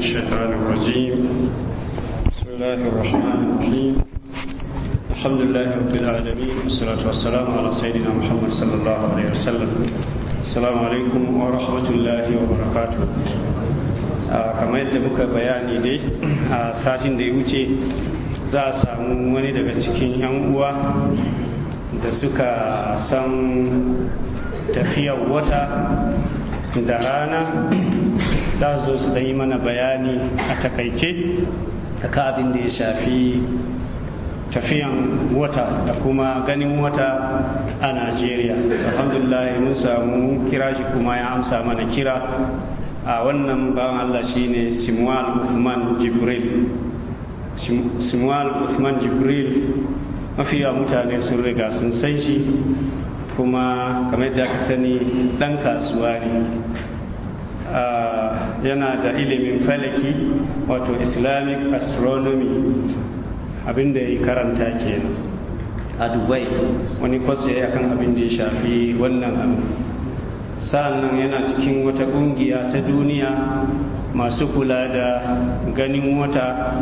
الشيطان الرجيم بسم الله الرحمن الرحيم الحمد لله رب العالمين والصلاة والسلام على سيدنا محمد صلى الله عليه وسلم السلام عليكم ورحمة الله وبركاته kamar yadda muka bayani dai a satin da ya wuce za a samu wani daga cikin 'yan uwa da suka san tafiyar wata da rana za zo su da yi mana bayani a takaice a abin da ya shafi tafiyan wata da kuma ganin wata a Najeriya. Alhamdulillah mun samu kira shi kuma ya amsa mana kira a wannan bawan Allah shine simuwal Usman Jibril. simuwal Usman Jibril mafiya mutane sun riga sun san shi kuma kamar da aka sani dan kasuwa ne. Ah, yana da ilimin falaki wato islamic astronomy abinda ya karanta kenan a dubai wani kwas ya yi akan abin ya shafi wannan abu sa'annan yana cikin wata ƙungiya ta duniya masu kula da ganin wata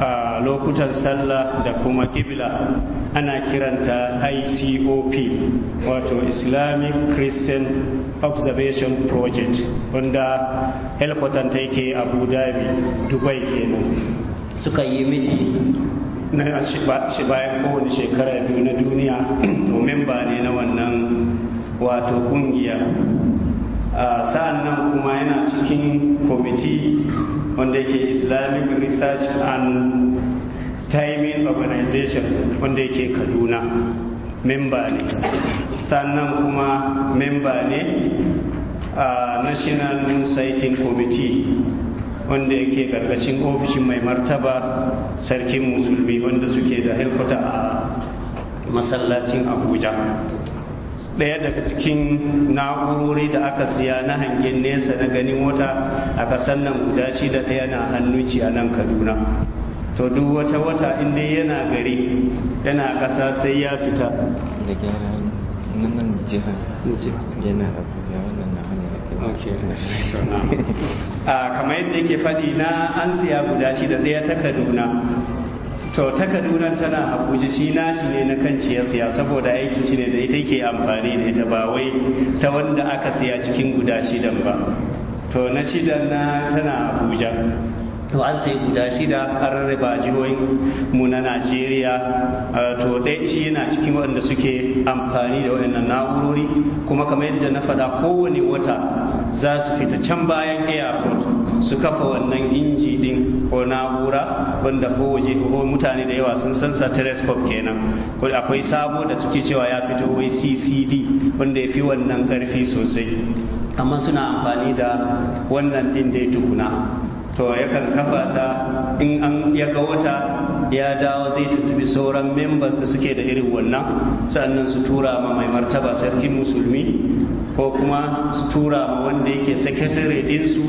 a lokutan sallah da kuma kibla ana kiranta ICOP wato Islamic Christian Observation Project wanda ta yake Abu Dhabi Dubai kenan suka yi miji na shi bayan kowane shekara biyu na duniya to memba ne na wannan wato kungiya Ah, sa'an nan kuma yana cikin kwamiti wanda yake islamic research and timing organization wanda yake kaduna memba ne Sa'annan kuma memba ne a national sighting committee wanda yake karkashin ofishin mai martaba sarkin musulmi wanda suke da helkwata a masallacin abuja ɗaya daga cikin na'urori da aka siya na hangen nesa na ganin wata a kasan nan guda da ɗaya na hannun ci a nan kaduna to duk wata wata inda yana gari yana ƙasa sai ya fita kamar yadda yake faɗi na an siya guda da ɗaya ta kaduna to ta kaduna tana abuja shi nashi ne na kan ciyar siya saboda aiki shi ne da ita ke amfani da ita ba wai ta wanda aka siya cikin guda shidan ba to na shidan na tana abuja to an sai guda shida an rarraba jihohin mu na Najeriya to ɗaya shi yana cikin waɗanda suke amfani da waɗannan na'urori kuma kamar yadda na faɗa kowane wata za su fita can bayan airport su kafa wannan inji din ko na'ura wanda ko waje ko mutane da yawa sun san sa telescope kenan ko akwai sabo da suke cewa ya fito wai CCD wanda ya fi wannan karfi sosai amma suna amfani da wannan din da ya tukuna to yakan kafa ta in an ya ga wata ya dawo zai tuntubi sauran membas da suke da irin wannan sannan su tura ma mai martaba sarkin musulmi ko kuma su tura ma wanda yake sakatare ɗinsu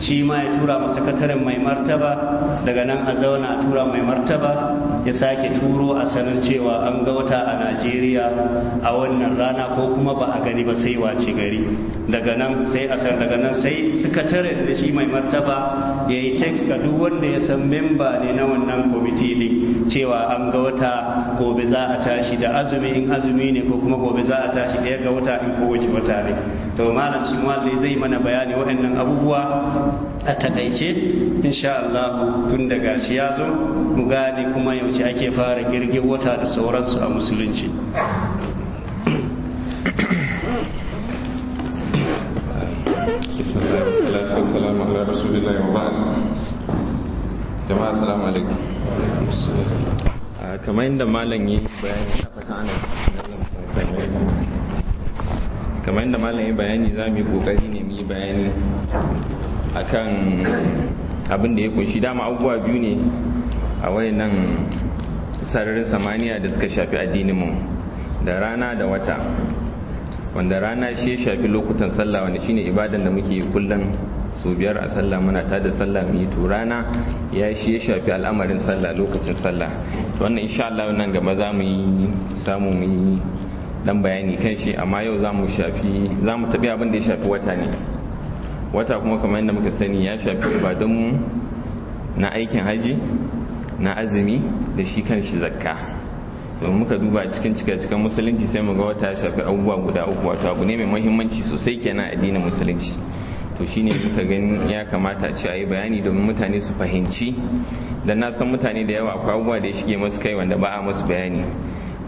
shi ma ya tura ma sakataren mai martaba daga nan a zauna a tura mai martaba ya sake turo a sanar cewa an ga wata a najeriya a wannan rana ko kuma ba a gani ba sai wace gari daga nan sai a san daga nan sai sakataren da shi mai martaba ya yi text ga duk wanda ya san memba ne na wannan kwamiti din cewa an ga wata gobe za a tashi da azumi in azumi ne ko kuma gobe za a tashi ɗaya ga wata in kowace wata ne to malam shi wallai zai mana bayani waɗannan abubuwa a taƙaice insha Allah tun daga shi ya zo mu gane kuma yaushe ake fara girgin wata da sauransu a musulunci Bismillahirrahmanirrahim. Assalamu alaikum. kamar yadda malam yi bayani kamar yadda malam yi bayani za mu yi kokari ne mu yi bayani akan abin da ya kunshi dama abubuwa biyu ne a wayannan sararin samaniya da suka shafi addininmu da rana da wata wanda rana shi ya shafi lokutan sallah wanda shine ibadan da muke kullum so biyar a sallah muna ta da sallah mai yi rana ya shi ya shafi al'amarin sallah lokacin sallah to wannan insha Allah nan gaba za mu yi samu mu yi dan bayani kan shi amma yau za mu shafi za mu tafi abin da ya shafi wata ne wata kuma kamar yadda muka sani ya shafi ibadunmu na aikin haji na azumi da shi kan shi zakka domin muka duba cikin cika cikin musulunci sai mu ga wata ya shafi abubuwa guda uku wato abu ne mai muhimmanci sosai kenan addinin musulunci to shine suka gani ya kamata ce a yi bayani domin mutane su fahimci da na san mutane da yawa akwai abubuwa da ya shige musu kai wanda ba a musu bayani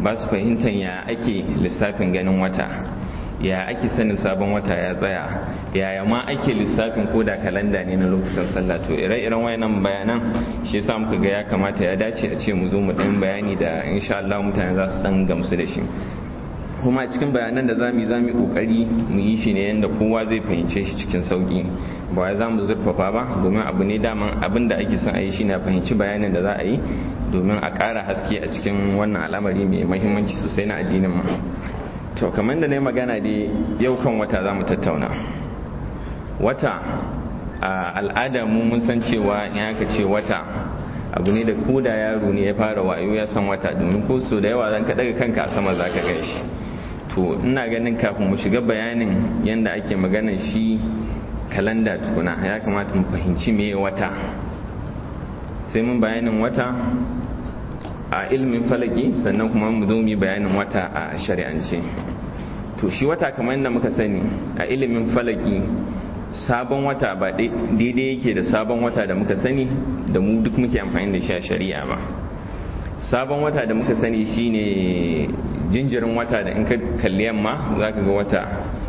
ba su fahimtar ya ake lissafin ganin wata ya ake sanin sabon wata ya tsaya yaya ma ake lissafin ko da kalanda ne na lokutan sallah to ire-iren wayannan bayanan shi yasa muka ga ya kamata ya dace a ce mu zo mu dan bayani da insha Allah mutane za su dan gamsu da shi kuma a cikin bayanan da zamu yi zamu yi kokari mu yi shi ne yanda kowa zai fahimce shi cikin sauki ba wai zamu zurfafa ba domin abu ne daman abin da ake son a yi shine a fahimci bayanin da za a yi domin a ƙara haske a cikin wannan al'amari mai muhimmanci sosai na addinin mu to kamar da na yi magana da yau kan wata zamu tattauna wata al'ada mu mun san cewa in aka ce wata abu ne da ko yaro ne ya fara wayo ya san wata domin ko so da yawa zan ka daga kanka a sama zaka gan shi to ina ganin kafin mu shiga bayanin yadda ake magana shi kalanda tukuna ya kamata mu fahimci me wata sai mun bayanin wata a ilmin falaki sannan kuma mu zo mu bayanin wata a shari'ance to shi wata kamar yadda muka sani a ilimin falaki sabon wata ba daidai yake da sabon wata da muka sani da mu duk muke amfani da shi a shari'a ba sabon wata da muka sani shine jinjirin wata da in ka kalli yamma za ka ga wata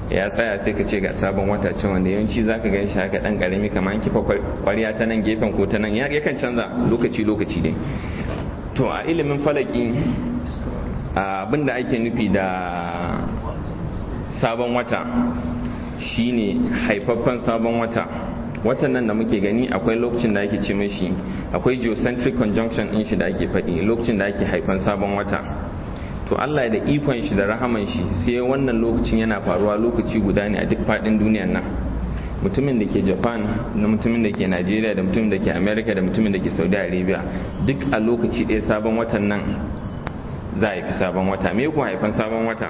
ya tsaya sai ka ce ga sabon wata ce wanda yawanci za ka gan shi haka ɗan ƙarami kamar kifa ta nan gefen ko ta nan ya kan canza lokaci lokaci ne to a ilimin falaki abin da ake nufi da sabon wata shine haifaffen sabon wata watan nan da muke gani akwai lokacin da ake ce mashi akwai geocentric conjunction in shi da ake faɗi lokacin da ake haifan sabon wata to Allah da ikon shi da rahaman shi sai wannan lokacin yana faruwa lokaci guda ne a duk faɗin duniyan nan mutumin da ke japan da mutumin da ke nigeria da mutumin da ke america da mutumin da ke saudi arabia duk a lokaci ɗaya sabon watan nan za a haifi sabon wata me ku haifan sabon wata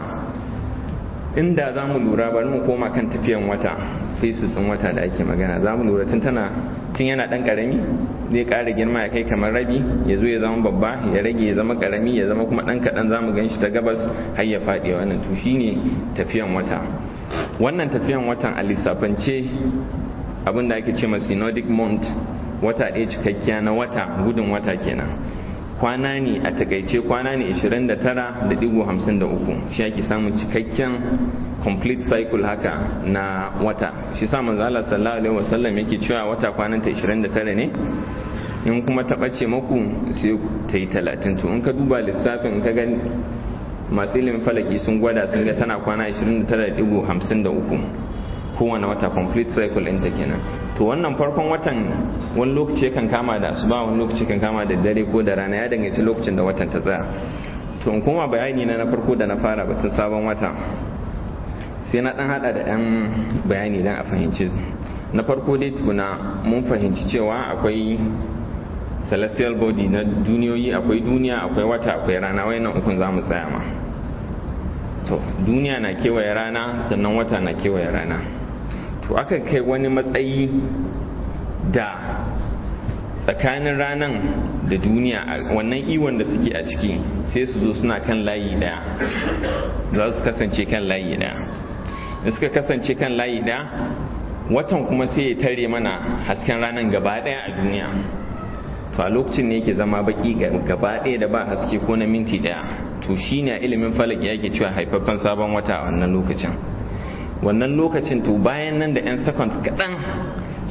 inda za mu lura bari mu koma kan tafiyan wata fesis wata da ake magana za mu lura tun tana tun yana ɗan karami zai kara girma ya kai kamar rabi ya zo ya zama babba ya rage ya zama karami ya zama kuma ɗan kaɗan zamu gan shi ta gabas har ya faɗi wannan to shine tafiyan wata wannan tafiyan watan a lissafance abin da ake ce ma synodic month wata ɗaya cikakkiya na wata gudun wata kenan kwana ne a takaice kwana ne 29.53 shi ake samun cikakken complete cycle haka na wata shi sa manzo sallallahu alaihi wasallam yake cewa wata kwanan ta 29 ne in kuma ta ce maku sai ta yi talatin to in ka duba lissafin ka ga masu ilimin falaki sun gwada sun ga tana kwana 29.53 kowane wata complete cycle ɗinta kenan to wannan farkon watan wani lokaci kan kama da su ba wani lokaci kan kama da dare ko da rana ya danganci lokacin da watan ta tsaya to in kuma bayani na na farko da na fara batun sabon wata sai na dan hada da yan bayani dan a fahimci su, na farko dai tukuna mun fahimci cewa akwai celestial body na duniyoyi akwai duniya akwai wata akwai rana wai nan ukun zamu tsaya ma to duniya na kewaye rana sannan wata na kewaye rana to aka kai wani matsayi da tsakanin ranan da duniya wannan iwon da suke a ciki sai su zo suna kan layi daya za su kasance kan layi daya da suka kasance kan layi daya watan kuma sai ya tare mana hasken ranan gaba daya a duniya to a lokacin ne yake zama baki gaba daya da ba haske ko na minti daya to shi shine ilimin falak yake cewa haifaffen sabon wata a wannan lokacin wannan lokacin to bayan nan da 'yan seconds kaɗan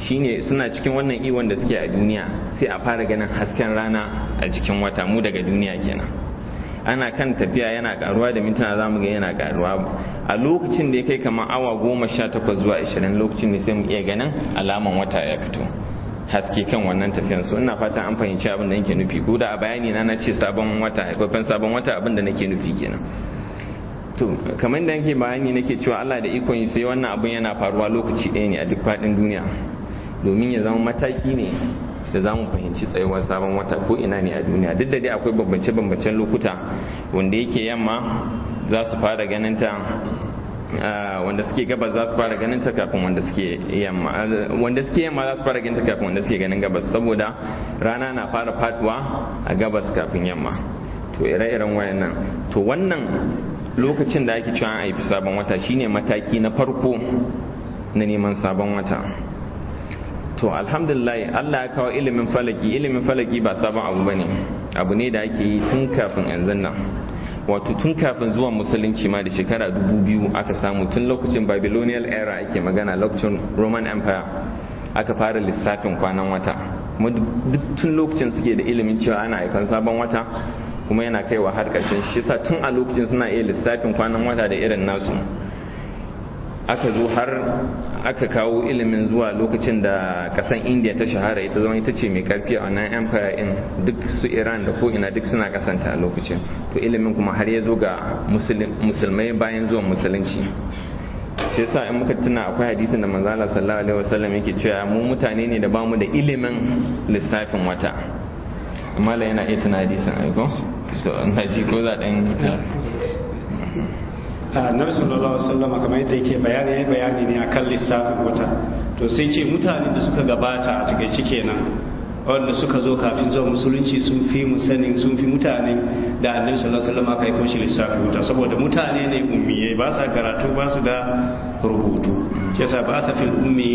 shine suna cikin wannan iwon da suke a duniya sai a fara ganin hasken rana a jikin wata mu daga duniya kenan ana kan tafiya yana karuwa da mintuna za mu ga yana karuwa a lokacin da ya kai kamar awa goma sha takwas zuwa ashirin lokacin ne sai mu iya ganin alaman wata ya fito haske kan wannan tafiyan su ina fata an fahimci abin da nake nufi ko da a bayani na na ce sabon wata haifafen sabon wata abin da nake nufi kenan to kamar da yake bayani nake cewa Allah da ikon sai wannan abun yana faruwa lokaci ɗaya ne a duk faɗin duniya domin ya zama mataki ne da za mu fahimci tsayuwar sabon wata ko ina ne a duniya duk da dai akwai bambance-bambancen lokuta wanda yake yamma za su fara ganin ta wanda suke gabas za su fara ganin ta kafin wanda suke yamma wanda suke yamma za su fara ganin ta kafin wanda suke ganin gabas saboda rana na fara faduwa a gabas kafin yamma to ire-iren wayannan to wannan lokacin da ake cewa an haifi sabon wata shine mataki na farko na neman sabon wata to alhamdulillah Allah ya kawo ilimin falaki ilimin falaki ba sabon abu bane abu ne da ake yi tun kafin yanzu nan wato tun kafin zuwa musulunci ma da shekara dubu biyu aka samu tun lokacin babylonial era ake magana lokacin roman empire aka fara lissafin kwanan wata duk tun lokacin suke da ilimin cewa ana haifan sabon wata kuma yana kaiwa har ƙarshen shi sa tun a lokacin suna iya lissafin kwanan wata da irin nasu aka zo har aka kawo ilimin zuwa lokacin da kasan india ta shahara ita zama ita ce mai karfi a wannan empire in duk su iran da ko ina duk suna kasanta a lokacin to ilimin kuma har ya zo ga musulmai bayan zuwan musulunci shi yasa in muka tuna akwai hadisin da manzala sallallahu alaihi wasallam yake cewa mu mutane ne da bamu da ilimin lissafin wata mala yana iya tana hadisin aiko so na ji ko za ɗan ah, annabi sallallahu alaihi wasallam kamar yadda yake bayani bayani ne kan lissafin wata to sai ce mutane da suka gabata a cikin kenan wanda suka zo kafin zuwa musulunci sun fi mu sun fi mutane da annabi sallallahu alaihi wasallam aka aiko shi lissafi wuta saboda mutane ne ummiye ba sa karatu ba su da rubutu shi sa ba ta fil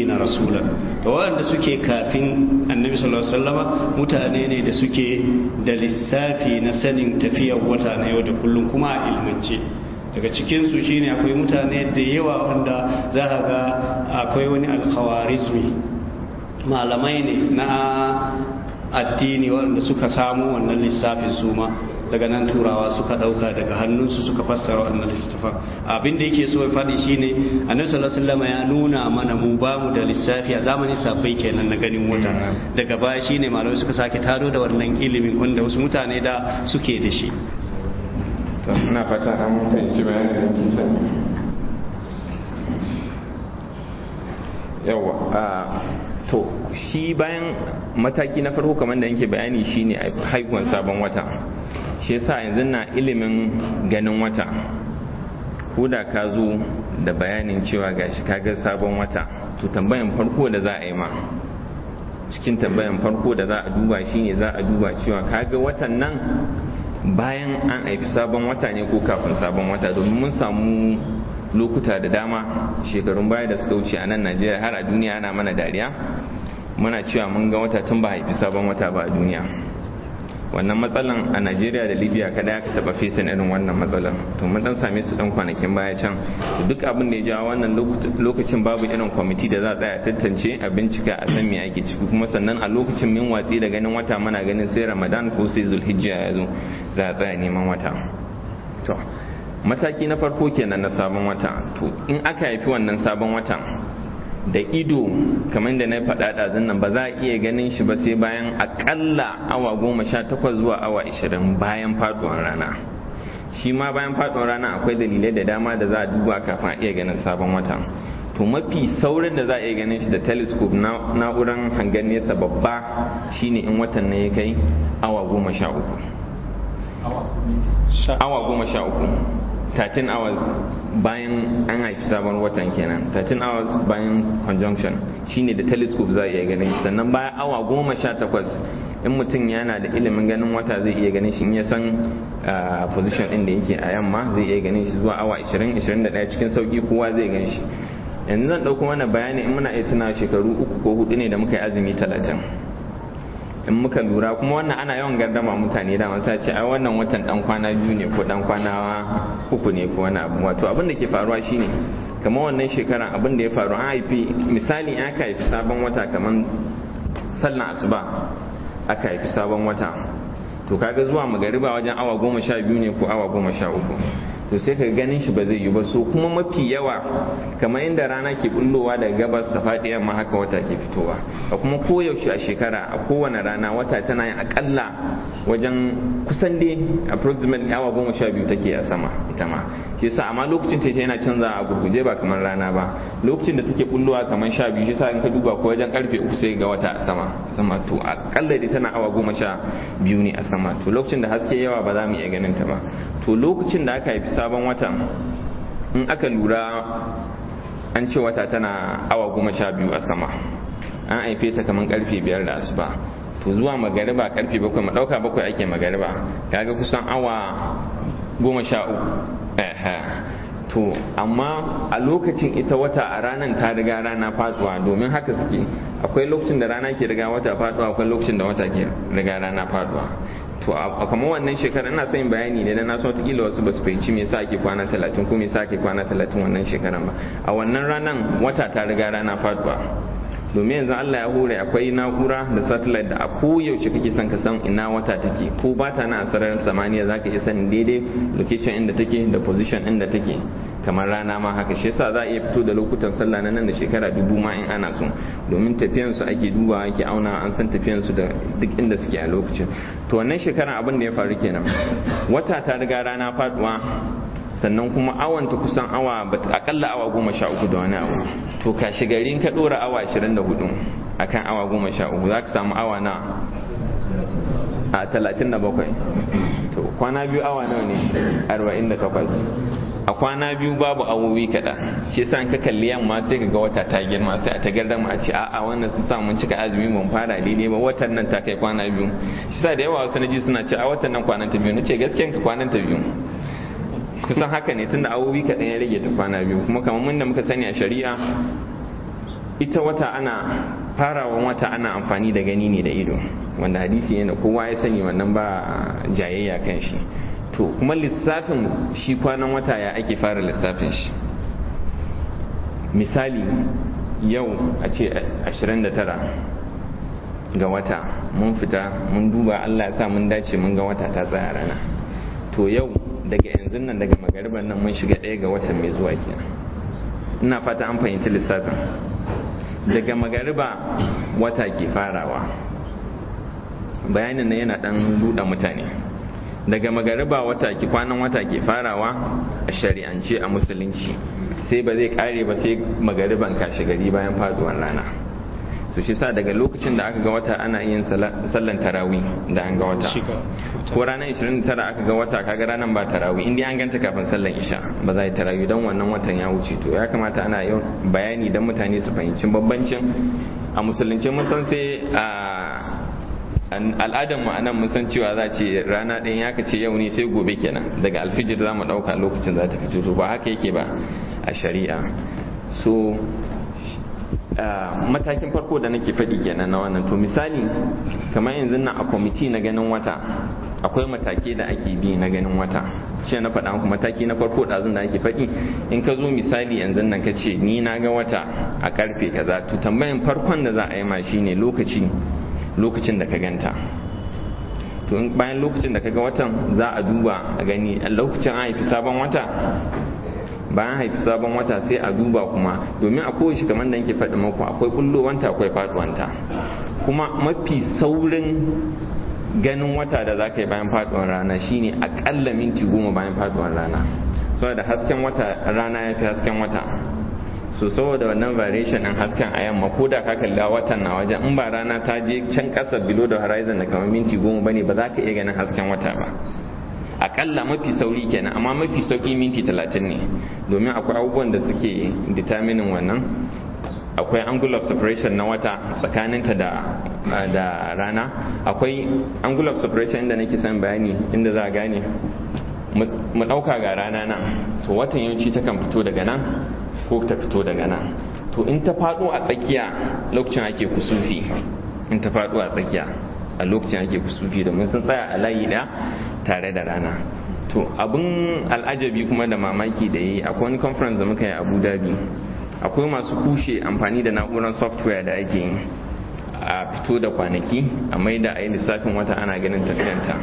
na rasula to wanda suke kafin annabi sallallahu alaihi wasallam mutane ne da suke da lissafi na sanin tafiyar wata na yau da kullum kuma a ilmance daga cikinsu shine akwai mutane da yawa wanda za ga akwai wani alkhawarizmi malamai ne na addini waɗanda suka samu wannan lissafin suma daga nan turawa suka ɗauka daga hannunsu suka fassara wannan littafin abin da yake so ya faɗi shine annabi sallallahu alaihi ya nuna mana mu ba mu da lissafi a zamanin safai kenan na ganin wata daga baya shine malamai suka sake taro da wannan ilimin wanda wasu mutane da suke da shi ina fata an fahimci bayanin da yawa ah, to shi bayan mataki na farko kamar da yake bayani shine haihuwan sabon wata shi yasa yanzu na ilimin ganin wata ko da ka zo da bayanin cewa gashi kaga sabon wata to tambayan farko da za a yi ma cikin tambayan farko da za a duba shine za a duba cewa kaga watan nan bayan an haifi sabon wata ne ko kafin sabon wata domin mun samu lokuta da dama shekarun baya da suka wuce a nan najeriya har a duniya ana mana dariya muna cewa mun ga wata tun ba haifi sabon wata ba a duniya wannan matsalan a najeriya da libya kada ya taba fesa irin wannan matsalan to mun dan same su dan kwanakin baya can duk abin da ya jawo wannan lokacin babu irin kwamiti da za a tsaya tantance a bincika a san me ake ciki kuma sannan a lokacin min watsi da ganin wata muna ganin sai ramadan ko sai zulhijja ya zo za a tsaya neman wata to mataki na farko kenan na sabon wata to in aka haifi wannan sabon watan da ido kamar da na faɗa ɗazun nan ba za a iya ganin shi ba sai bayan aƙalla awa goma sha takwas zuwa awa ashirin bayan faɗuwar rana shi ma bayan faɗuwar rana akwai dalilai da dama da za a duba kafin a iya ganin sabon watan to mafi saurin da za a iya ganin shi da telescope na'uran hangen nesa babba shine in watan na ya kai awa goma sha uku awa goma sha uku 13 hours bayan an haifi sabon watan kenan 13 hours bayan conjunction shine da telescope za a iya ganin sannan bayan awa goma sha takwas in mutum yana da ilimin ganin wata zai iya ganin shi in ya san ah, position din da yake a yamma zai iya ganin shi zuwa awa 20 21 cikin sauki kowa zai gan shi yanzu zan ɗauko mana bayani in muna iya tuna shekaru uku ko hudu ne da muka yi azumi talatin in muka lura kuma wannan ana yawan gardama mutane da masu ce a wannan watan dan kwana biyu ne ko dan kwana uku ne ko wani abu wato abin da ke faruwa shine kamar wannan shekara abin da ya faru an haifi misali aka haifi sabon wata kamar sallan asuba aka haifi sabon wata to kaga zuwa magariba wajen awa goma sha biyu ne ko awa goma sha uku to sai ka ganin shi ba zai yi ba so kuma mafi yawa kamar yadda rana ke bullowa daga gabas ta faɗi amma haka wata ke fitowa a kuma koyaushe a shekara a kowane rana wata tana yin akalla wajen kusan dai approximately awa goma sha biyu take a sama ita ma shi sa amma lokacin ta yana canza a gurguje ba kamar rana ba lokacin da take bullowa kamar sha biyu shi sa in ka duba ko wajen karfe uku sai ga wata a sama sama to akalla dai tana awa goma sha biyu ne a sama to lokacin da haske yawa ba za mu iya ganin ta ba to lokacin da aka haifi sabon watan in aka lura an ce wata tana awa goma sha biyu a sama an haife ta kamar karfe biyar da asuba to zuwa magariba karfe bakwai mu ɗauka bakwai ake magariba kaga kusan awa goma sha uku to amma a lokacin ita wata a ranar ta riga rana faduwa domin haka suke akwai lokacin da rana ke riga wata faduwa akwai lokacin da wata ke riga rana faduwa to a kamar wannan shekarar ina son bayani ne da na san watakila wasu ba su fahimci me yasa ake kwana talatin ko me yasa ake kwana talatin wannan shekarar ba a wannan ranan wata ta riga rana faduwa domin yanzu Allah ya hore akwai na'ura da satellite da a koyaushe kake son ka san ina wata take ko ba ta na a sararin samaniya za ka iya sanin daidai location inda take da position inda take kamar rana ma haka shi yasa za a iya fito da lokutan sallah na nan da shekara dubu ma in ana so domin tafiyan su ake duba ake auna an san tafiyan su da duk inda suke a lokacin to wannan shekara abin da ya faru kenan wata ta riga rana faduwa sannan kuma awanta kusan awa akalla awa goma sha uku da wani abu to kashi garin ka dora awa 24 akan awa 13 za ka samu awa na a 37 to kwana biyu awa nawa ne 48 a kwana biyu babu awowi kaɗa. shi yasa ka kalli yamma sai ka ga wata ta girma sai a ta mu a ce a'a wannan sun sa mun cika azumi mun fara daidai ba watan nan ta kai kwana biyu shi yasa da yawa wasu ji suna ce a watan nan kwanan ta biyu nace gaskiyan ka kwanan ta biyu kusan haka ne tunda awobi kaɗan ya rage ta kwana biyu kuma kamar mun da muka sani a shari'a ita wata ana farawan wata ana amfani da gani ne da ido wanda hadisi yana kowa ya sani wannan ba jayayya kan shi to kuma lissafin shi kwanan wata ya ake fara lissafin shi misali yau a ce 29 ga wata mun fita mun duba allah ya sa mun dace mun ga wata ta tsaya rana to yau daga yanzu nan daga magariban nan mun shiga ɗaya ga watan mai zuwa kenan ina fata an fahimci lissafin daga magariba wata ke farawa bayanin nan yana ɗan duda mutane daga magariba wata ke kwanan wata ke farawa a shari'ance a musulunci sai ba zai kare ba sai magariban kashe gari bayan faduwar rana so shi sa daga lokacin da aka ga wata ana yin sallan tarawi da an ga wata ko ranar 29 aka ga wata kaga ranar ba tarawi indai an ganta kafin sallan isha ba za yi tarawi don wannan watan ya wuce to ya kamata ana yin bayani don mutane su fahimci bambancin a musulunci mun san sai a al'adar mu anan mun san cewa za ce rana ɗin ya kace yau ne sai gobe kenan daga alfijir za mu ɗauka lokacin za ta fito ba haka yake ba a shari'a so Ah, matakin farko da nake faɗi kenan na wannan to misali kamar yanzu na a kwamiti na ganin wata akwai matake da ake bi na ganin wata shi na faɗa muku mataki na farko da da ake faɗi in ka zo misali yanzu nan ka ce ni na ga wata a karfe kaza to tambayan farkon da za a yi ma shine lokaci lokacin da ka ganta to bayan lokacin da ka ga watan za a duba a gani a lokacin an haifi sabon wata bayan haifi sabon wata sai a duba kuma domin a kowace kamar da yake faɗi maku akwai kullowanta akwai faɗuwanta kuma mafi saurin ganin wata da za ka yi bayan faɗuwar rana shine aƙalla minti goma bayan faɗuwar rana saboda hasken wata rana ya fi hasken wata so saboda wannan variation ɗin hasken a yamma ko da ka kalla watan na wajen in ba rana ta je can ƙasa below da horizon da kamar minti goma ba ne ba za ka iya ganin hasken wata ba akalla mafi sauri kenan amma mafi sauki minti talatin ne domin akwai abubuwan da suke determinin wannan akwai angle of separation na wata tsakaninta da da rana akwai angle of separation inda nake son bayani inda za a gane mu ɗauka ga rana nan to watan yawanci takan fito daga nan ko ta fito daga nan to in ta faɗo a tsakiya lokacin ake kusufi in ta faɗo a tsakiya a lokacin ake kusufi da mun sun tsaya a layi ɗaya tare da rana to abin al'ajabi kuma da mamaki da yi akwai wani conference da muka yi abu dhabi akwai masu kushe amfani da na'urar software da ake yi a fito da kwanaki a da a yi lissafin wata ana ganin tafiyanta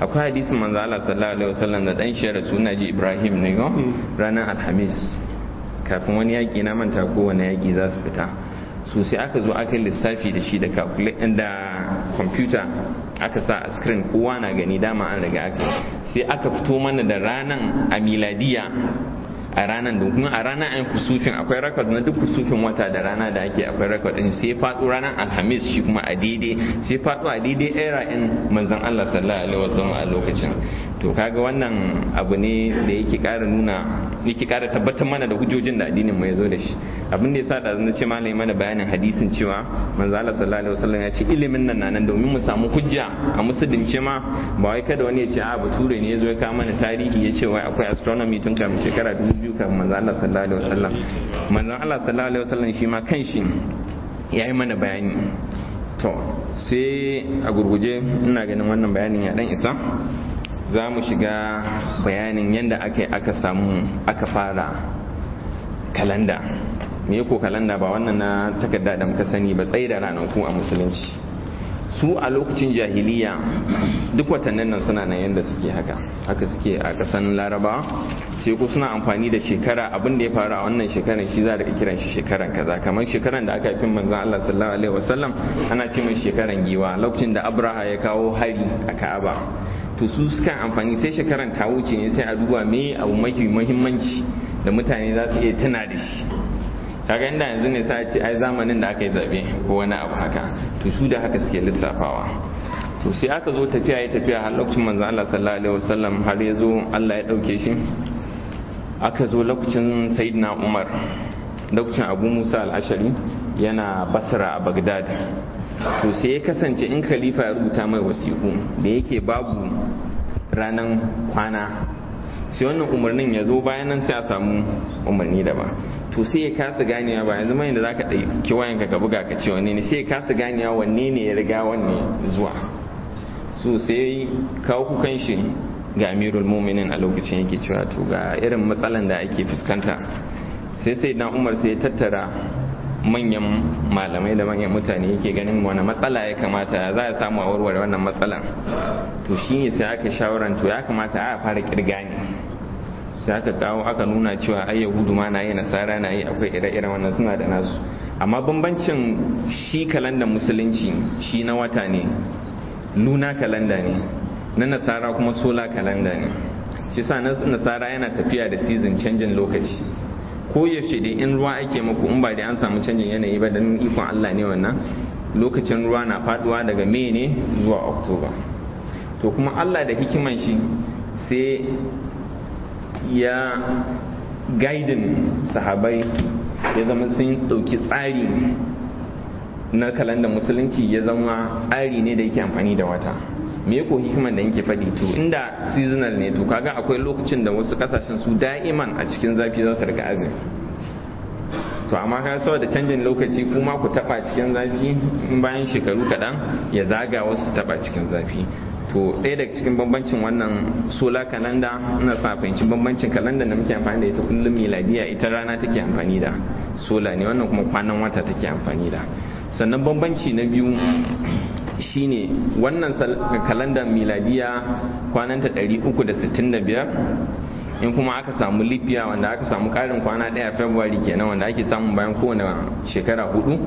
akwai hadisin manzo Allah sallallahu alaihi wasallam da dan shi suna ji Ibrahim ne go ranar Alhamis kafin wani yaki na manta ko wani yaki za su fita so sai aka zo aka lissafi da shi da da kwamfuta aka sa a screen kowa na gani dama an riga aka sai aka fito mana da ranan a miladiya a ranar da kuma a ranar an kusufin akwai record na duk kusufin wata da rana da ake akwai record din sai faɗo ranar alhamis shi kuma a daidai sai faɗo a daidai era in manzon Allah sallallahu alaihi wasallam a lokacin to kaga wannan abu ne da yake ƙara nuna yake ƙara tabbatar mana da hujjojin da addinin mu ya zo da shi abin da yasa da zan ce malami mana bayanin hadisin cewa manzo Allah sallallahu alaihi wasallam ya ce ilimin nan nan domin mu samu hujja a musulunci ma ba wai kada wani ya ce a ah, bature ne ya zo ya kawo mana tarihi ya ce wai akwai astronomy tun kafin shekara 2000 kafin manzo Allah sallallahu alaihi wasallam manzo Allah sallallahu alaihi wasallam shi ma kanshi ya yi mana bayani to sai a gurguje ina ganin wannan bayanin ya dan isa za mu shiga bayanin yadda aka aka samu aka fara kalanda me ko kalanda ba wannan na takarda da muka sani ba tsaye da ku a musulunci su a lokacin jahiliya duk watannin nan suna nan yadda suke haka haka suke a kasan laraba sai ku suna amfani da shekara abin da ya faru a wannan shekaran shi za da kiran shi shekaran kaza kamar shekaran da aka yi manzan Allah sallallahu alaihi wasallam ana ce mai shekaran giwa lokacin da Abraha ya kawo hari a Ka'aba to su sukan amfani sai shekaran ta wuce ne sai a duba me abu mafi muhimmanci da mutane za su iya tana da shi kaga inda yanzu ne sai ce ai zamanin da aka yi zabe ko wani abu haka to su da haka suke lissafawa to sai aka zo tafiya ya tafiya har lokacin manzo Allah sallallahu alaihi wasallam har ya zo Allah ya dauke shi aka zo lokacin sayyidina Umar lokacin Abu Musa al-Ashari yana Basra a Baghdad to sai ya kasance in khalifa ya rubuta mai wasiku da yake babu Ranan kwana sai wannan umarnin ya zo bayan nan sai a samu umarni da ba to sai ya kasa ganewa ba yanzu mai da zaka ɗauki wayan ka buga ka ce wanne ne sai ya kasa ganewa wanne ne ya riga wanne zuwa so sai kawo kukan shi ga amirul muminin a lokacin yake cewa to ga irin matsalan da ake fuskanta sai sai dan umar sai ya tattara manyan malamai da manyan mutane yake ganin wani matsala ya kamata za a samu a warware wannan matsala to shi ne sai aka shawaran to ya kamata a fara kirga ne sai aka kawo aka nuna cewa ai yahudu ma na yi nasara na yi akwai ire-iren wannan suna da nasu amma bambancin shi kalandar musulunci shi na wata ne luna kalanda ne na nasara kuma sola kalanda ne shi sa nasara yana tafiya da season canjin lokaci ko yaushe dai in ruwa ake maku in ba da an samu canjin yanayi ba dan ikon Allah ne wannan lokacin ruwa na faduwa daga mai ne zuwa Oktoba to kuma Allah da hikiman shi sai ya gaidin sahabai ya zama sun ɗauki tsari na kalandar musulunci ya zama tsari ne da yake amfani da wata me ko hikimar da yake faɗi to inda seasonal ne to kaga akwai lokacin da wasu kasashen su da'iman a cikin zafi za su rika azumi to amma ka saboda canjin lokaci kuma ku taba cikin zafi in bayan shekaru kaɗan ya zaga wasu taba cikin zafi to ɗaya daga cikin bambancin wannan sola kalanda ina sa fahimci bambancin kalanda da muke amfani da ita kullum miladiya ita rana take amfani da sola ne wannan kuma kwanan wata take amfani da sannan bambanci na biyu shine wannan kalandar miladiya kwananta 365 in kuma aka samu libya wanda aka samu karin kwana 1 february kenan wanda ake samu bayan kowane shekara hudu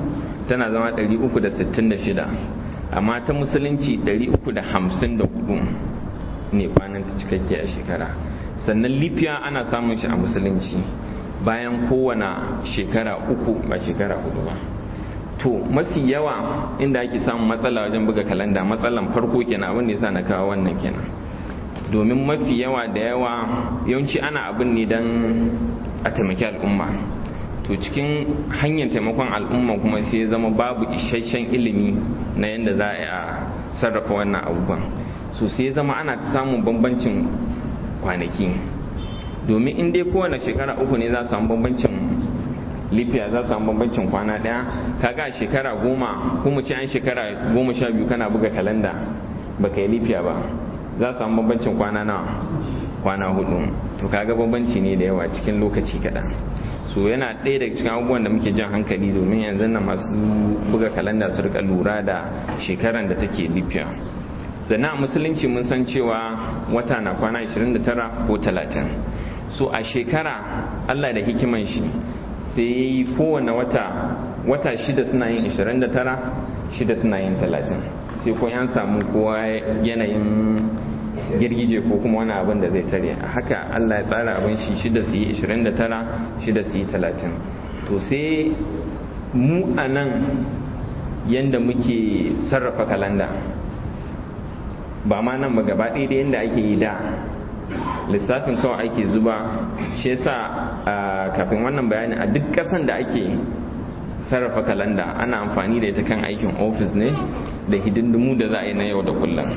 tana zama 366 amma ta musulunci 354 ne kwananta cikakke a shekara sannan libya ana samun shi a musulunci bayan kowane shekara uku ba shekara hudu ba to mafi yawa inda ake samun matsala wajen buga kalanda matsalan farko kenan abin da yasa na kawo wannan kenan domin mafi yawa da yawa yawanci ana abin ne don a taimaki al'umma to cikin hanyar taimakon al'umma kuma sai zama babu isasshen ilimi na yadda za a sarrafa wannan abubuwan so sai zama ana ta samun bambancin kwanaki domin in dai kowane shekara uku ne za su samu bambancin lifiya za samu bambancin kwana ɗaya kaga a shekara goma ko mu ce an shekara goma sha biyu kana buga kalanda ba ka yi lifiya ba za samu bambancin kwana nawa kwana hudu to kaga bambanci ne da yawa cikin lokaci kaɗan so yana ɗaya daga cikin abubuwan da muke jan hankali domin yanzu na masu buga kalanda su rika lura da shekaran da take lifiya zana a musulunci mun san cewa wata na kwana 29 ko 30 so a shekara allah da hikiman shi sai ya yi kowane wata wata shida suna yin 29 shida suna yin 30 sai ko yan samu kowa yanayin girgije ko kuma wani abin da zai tare a haka allah ya tsara abin shi shida su yi 29 shida su yi 30 to sai mu a nan yadda muke sarrafa kalanda ba ma nan ba gaba ɗaya da yadda ake yi da lissafin kawai ake zuba shi yasa kafin wannan bayanin a duk ƙasan da ake sarrafa kalanda ana amfani da ita kan aikin ofis ne da hidindimu da za a yi na yau da kullum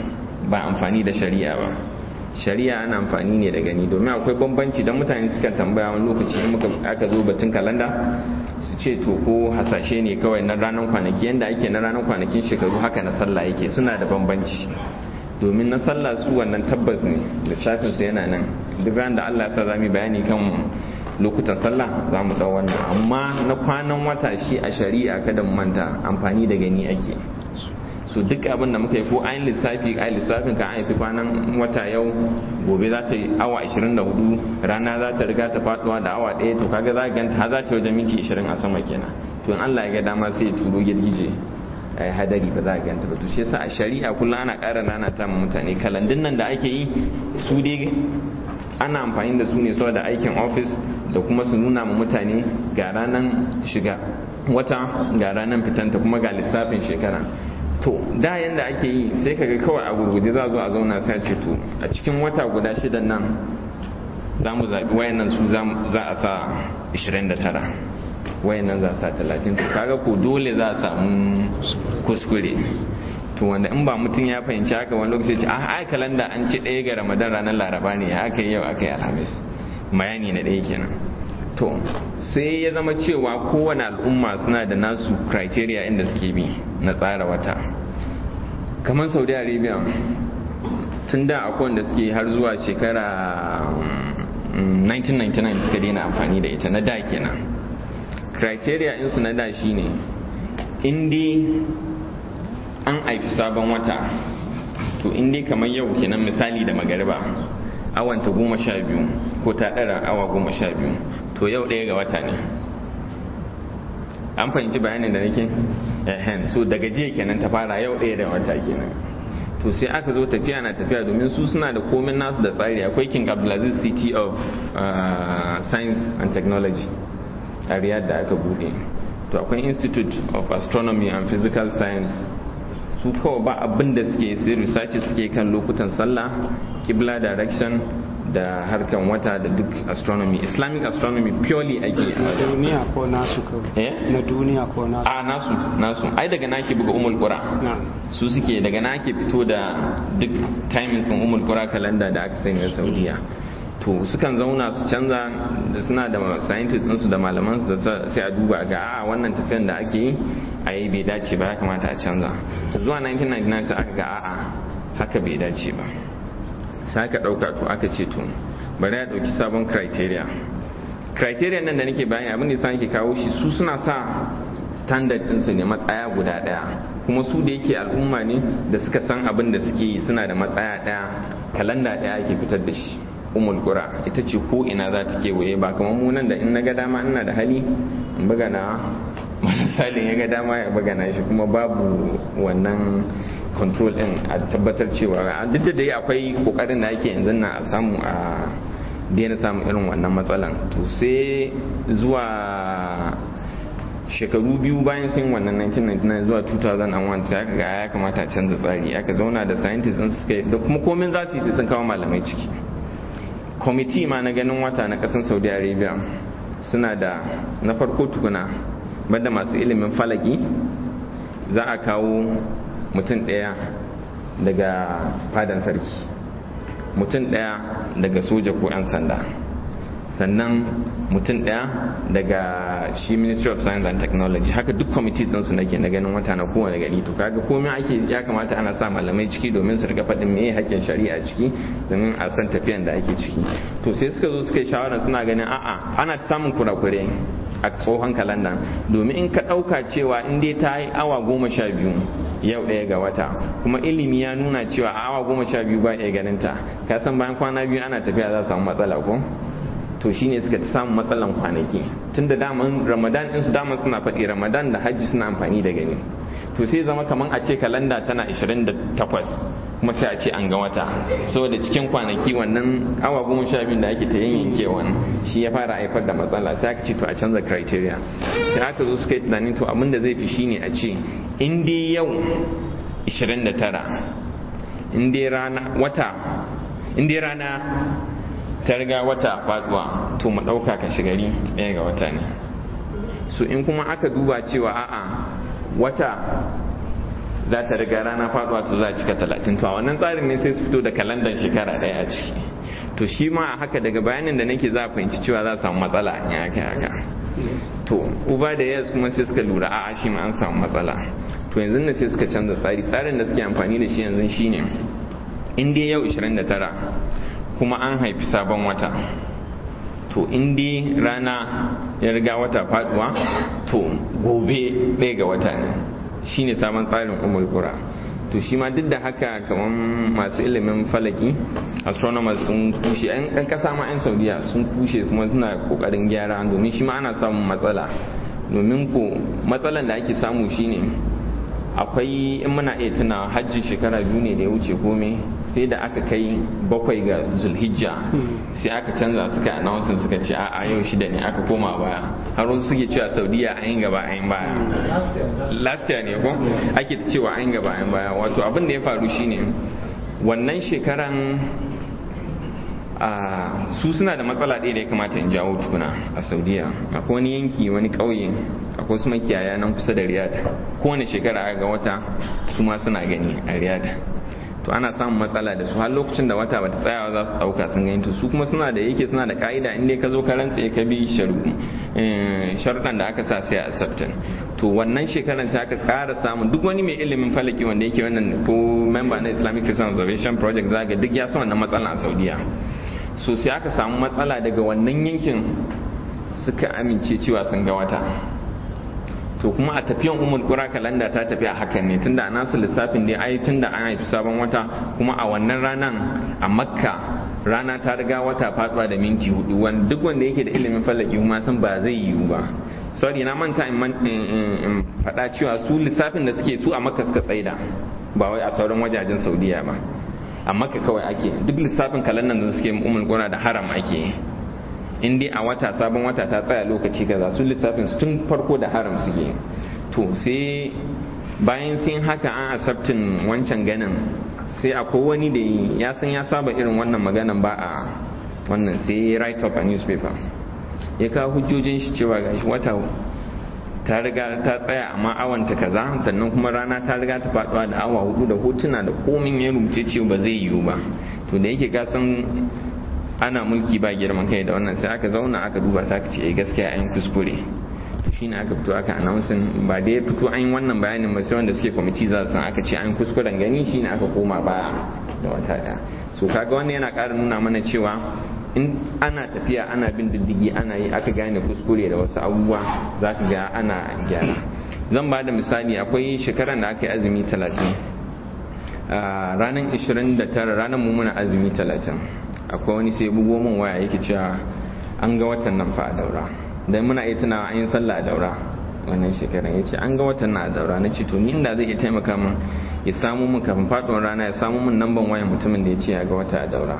ba amfani da shari'a ba shari'a ana amfani ne da gani domin akwai bambanci don mutane suka tambaya wani lokaci in aka zo batun kalanda su ce to ko hasashe ne kawai na ranar kwanaki yadda ake na ranar kwanakin shekaru haka na sallah yake suna da bambanci domin na sallah su wannan tabbas ne shafin su yana nan duk ranar da Allah ya sa zamu bayani kan lokutan sallah za mu ɗau wannan amma na kwanan wata shi a shari'a kada mu manta amfani da gani ake su duk abin da muka yi ko ayin lissafi ayin lissafin ka an yi kwanan wata yau gobe za ta yi awa 24 rana za ta riga ta faduwa da awa ɗaya to kaga za ka ganta ha za ta wajen miki 20 a sama kenan to in Allah ya ga dama sai ya turo girgije hadari ba za a ganta ba to shi yasa a shari'a kullum ana ƙara rana ta mutane kalandun nan da ake yi su dai ana amfani da su ne saboda aikin ofis da kuma su nuna ma mutane ga ranan shiga wata ga ranan fitanta kuma ga lissafin shekara to da yanda ake yi sai kaga kawai a gurguje za zo a zauna sai ce to a cikin wata guda shidan nan za mu zaɓi wayannan su za a sa 29 wayannan za a sa 30 to kaga ko dole za a samu kuskure to wanda in ba mutum ya fahimci haka wani lokaci ce a ah, ai kalanda an ci ɗaya ga ramadan ranar laraba ne ya aka yi yau aka alhamis bayani na ɗaya kenan to sai ya zama cewa kowane al'umma suna da nasu criteria inda suke bi na tsara wata kamar saudi arabia tun da akwai wanda suke har zuwa shekara 1999 mm, suka daina amfani da ita na da kenan criteria insu na da shine indi an haifi sabon wata to indi kamar yau kenan misali da magariba awanta goma sha biyu ko ta ɗara awa goma sha biyu to yau ɗaya ga wata ne an fahimci bayanin da nake ehen so daga jiya kenan ta fara yau ɗaya da wata kenan to sai aka zo tafiya na tafiya domin su suna da komai nasu da tsari akwai king abdulaziz city of ah, science and technology a riyadh da aka buɗe to akwai institute of astronomy and physical science su kawai ba abin da suke sai research suke kan lokutan sallah kibla direction da harkan wata da duk astronomy islamic astronomy purely ake a duniya ko nasu kawai eh? na duniya ko nasu a ah, nasu nasu ai daga nake buga umul qura su suke daga nake fito da duk timings sun umul qura kalanda da aka sani a saudiya to sukan zauna su canza suna da scientists su da malaman su da sai a duba ga a ah, wannan tafiyan da ake yi a yi bai dace ba ya kamata a canza zuwa 1999 aka ga a'a haka bai dace ba sai ka ɗauka to aka ce to bari ya ɗauki sabon criteria criteria nan da nake bayani abin da yasa nake kawo shi su suna sa standard din su ne matsaya guda ɗaya kuma su da yake al'umma ne da suka san abin da suke yi suna da matsaya ɗaya kalanda ɗaya ake fitar da shi umul qura ita ce ko ina za ta kewaye ba kamar mu nan da in na ga dama ina da hali in buga na salin ya ga dama ya bagana shi kuma babu wannan control din a tabbatar cewa duk da dai akwai kokarin da ake yanzu na samu a daina samun irin wannan matsalan to sai zuwa shekaru biyu bayan sun wannan 1999 zuwa 2001 sai aka ga ya kamata canza tsari aka zauna da scientists din suka da kuma komai za su yi sun kawo malamai ciki kwamiti ma na ganin wata na kasan saudi arabia suna da na farko tukuna banda masu ilimin falaki za a kawo mutum ɗaya daga fadan sarki mutum ɗaya daga soja ko 'yan sanda sannan mutum ɗaya daga shi ministry of science and technology haka duk kwamiti su nake na ganin wata na kowane gari to kaga komai ake ya kamata ana sa malamai ciki domin su rika faɗin meye haƙƙin shari'a ciki domin a san tafiyan da ake ciki to sai suka zo suka yi shawara suna ganin a'a ana samun kurakure a tsohon kalandan domin in ka ɗauka cewa in dai ta yi awa goma sha biyu yau ɗaya ga wata kuma ilimi ya nuna cewa a awa goma sha biyu ba iya ganin ta ka san bayan kwana biyu ana tafiya za samu matsala ko to shine suka samu matsalan kwanaki tunda daman ramadan ɗinsu daman suna faɗi ramadan da hajji suna amfani da gani to sai zama kamar a ce kalanda tana 28 kuma sai a ce an ga wata da cikin kwanaki wannan awa goma sha biyu da ake ta yanke wani shi ya fara haifar da matsala sai aka ce to a canza criteria sai aka zo suka yi tunanin to abin da zai fi shine a ce in dai yau 29 in dai rana wata in dai rana ta riga wata faduwa to mu ɗauka ka shigari ɗaya ga wata ne so in kuma aka duba cewa a'a wata za ta riga rana faduwa to za a cika talatin to a wannan tsarin ne sai su fito da kalandar shekara daya a ciki to shi ma a haka daga bayanin da nake za a fahimci cewa za a samu matsala in haka haka to uba da yas kuma sai suka lura a'a shi ma an samu matsala to yanzu ne sai suka canza tsari tsarin da suke amfani da shi yanzu shine in dai yau 29 kuma an haifi sabon wata to in dai rana ya riga wata faduwa to gobe ɗaya ga wata ne shine sabon tsarin umar kura to shi ma duk da haka kamar masu ilimin falaki astronomers sun kushe ɗan kasa ma yan saudiya sun kushe kuma suna kokarin gyara domin shi ma ana samun matsala domin ko matsalan da ake samu shine akwai in muna iya tuna hajji shekara biyu ne da ya wuce kome sai da aka kai bakwai ga zulhijja sai aka canza suka announcing suka ce a a yau shida ne aka koma baya har wasu suke cewa saudiya a yin gaba a yin baya last year ne ko ake cewa a yin gaba a yin baya wato abin da ya faru shine wannan shekaran su suna da matsala ɗaya da ya kamata in jawo tukuna a saudiya akwai wani yanki wani ƙauye akwai wasu makiyaya nan kusa da riyad kowane shekara ga wata su ma suna gani a riyad to ana samun matsala da su har lokacin da wata bata tsayawa za su dauka sun gani to su kuma suna da yake suna da ka'ida in dai ka zo ka rantse ka bi sharudan eh, da aka sa sai a acceptance to wannan shekaran sai aka ƙara samun duk wani mai ilimin falaki wanda yake wannan ko memba na Islamic Christian Observation Project zaga duk ya san wannan matsala a Saudiya so sai aka samu matsala daga wannan yankin suka amince cewa sun ga wata to kuma a tafiyan umul kura kalanda ta tafi a hakan ne tunda a nasu lissafin ne ai tunda an haifi sabon wata kuma a wannan ranan a makka rana ta riga wata fatsuwa da minti hudu duk wanda yake da ilimin falaki kuma san ba zai yiwu ba sorry na manta in faɗa cewa su lissafin da suke su a makka suka tsaida ba wai a sauran wajajen saudiya ba a makka kawai ake duk lissafin kalandan da suke umul kura da haram ake in dai a wata sabon wata ta tsaya lokaci kaza su lissafin su tun farko da haram su ke to sai bayan sun haka an asabtin wancan ganin sai akwai wani da ya san ya saba irin wannan maganan ba a wannan sai write up a newspaper ya kawo hujjojin shi cewa gashi wata ta riga ta tsaya amma awanta kaza sannan kuma rana ta riga ta faduwa da awa hudu da hotuna da komin ya rubuce cewa ba zai yiwu ba to da yake ka san ana mulki ba girman kai da wannan sai aka zauna aka duba ta ka ce eh, gaskiya an kuskure shi ne aka fito aka announcing ba da ya fito an yi wannan bayanin ba sai wanda suke kwamiti za su san aka ce an kuskuren gani shi ne aka koma ba da wata ta so kaga wannan yana ƙara nuna mana cewa in ana tafiya ana bin diddigi ana yi aka gane kuskure da wasu abubuwa za ka ga ana gyara zan ba da misali akwai shekaran da aka yi azumi talatin ah, ranar 29 ranar mummuna azumi talatin akwai wani sai bugo min waya yake cewa an ga watan nan fa a daura dan muna yi tunawa an yi sallah a daura wannan shekaran ya ce an ga watan nan a daura na ce to ni inda zai iya taimaka min ya samu min kafin faɗuwar rana ya samu min namban wayan mutumin da ya ce ya ga wata a daura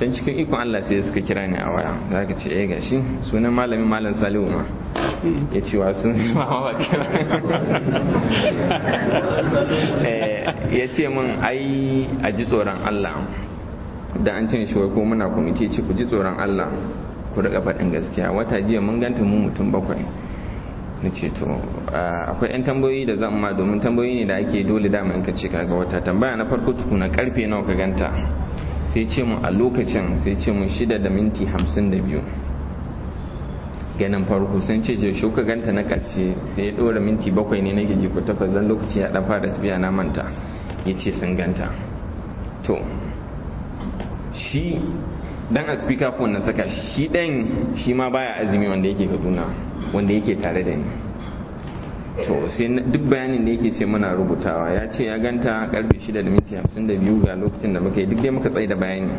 can cikin ikon Allah sai suka kira ni a waya za ka ce eh gashi sunan malami malam salihu ma ya ce wa sun eh, ya ce min ai a ji tsoron Allah da an cin shi ko muna kwamiti ce ku ji tsoron Allah ku riƙa faɗin gaskiya wata jiya mun ganta mu mutum bakwai na ce to akwai 'yan tambayoyi da zan ma domin tambayoyi ne da ake dole dama in ka ce kaga wata tambaya na farko tukuna karfe nawa ka ganta sai ce mu a lokacin sai ce mu shida da minti hamsin da biyu ganin farko sun ce je shuka ganta na ƙarshe sai ya ɗora minti bakwai ne na gigi ko takwas don lokaci ya ɗan fara tafiya na manta ya ce sun ganta to shi dan a speaker phone na saka shi dan shi ma baya azumi wanda yake Kaduna wanda yake tare da ni to sai duk bayanin da yake sai muna rubutawa ya ce ya ganta karfe 6:52 da minti ga lokacin da muka yi duk dai muka tsaye da bayani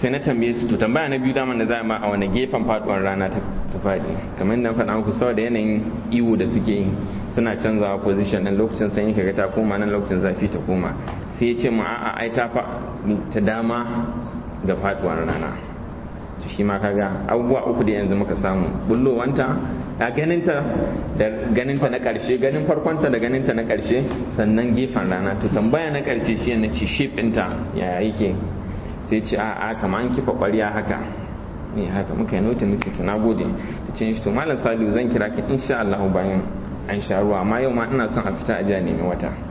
sai na tambaye su to tambaya na biyu daman da za a ma a wani gefen faduwar rana ta faɗi kamar na faɗa muku da yanayin iwo da suke suna canzawa position ɗin lokacin sanyi ga ta koma nan lokacin zafi ta koma sai ya ce ma a'a ai ta ta dama ga faduwar rana to shi ma kaga abubuwa uku da yanzu muka samu bullowanta a ganinta da ganinta na karshe ganin farkonta da ganinta na karshe sannan gefen rana to tambaya na karshe shi na ce shape ɗinta yaya yake sai ce a'a kamar an kifa ƙwarya haka ne eh, haka muka yi notin muke to na gode ce shi to malam salihu zan kira ka insha Allah bayan an sha ruwa amma yau ma ina son a fita a ja nemi wata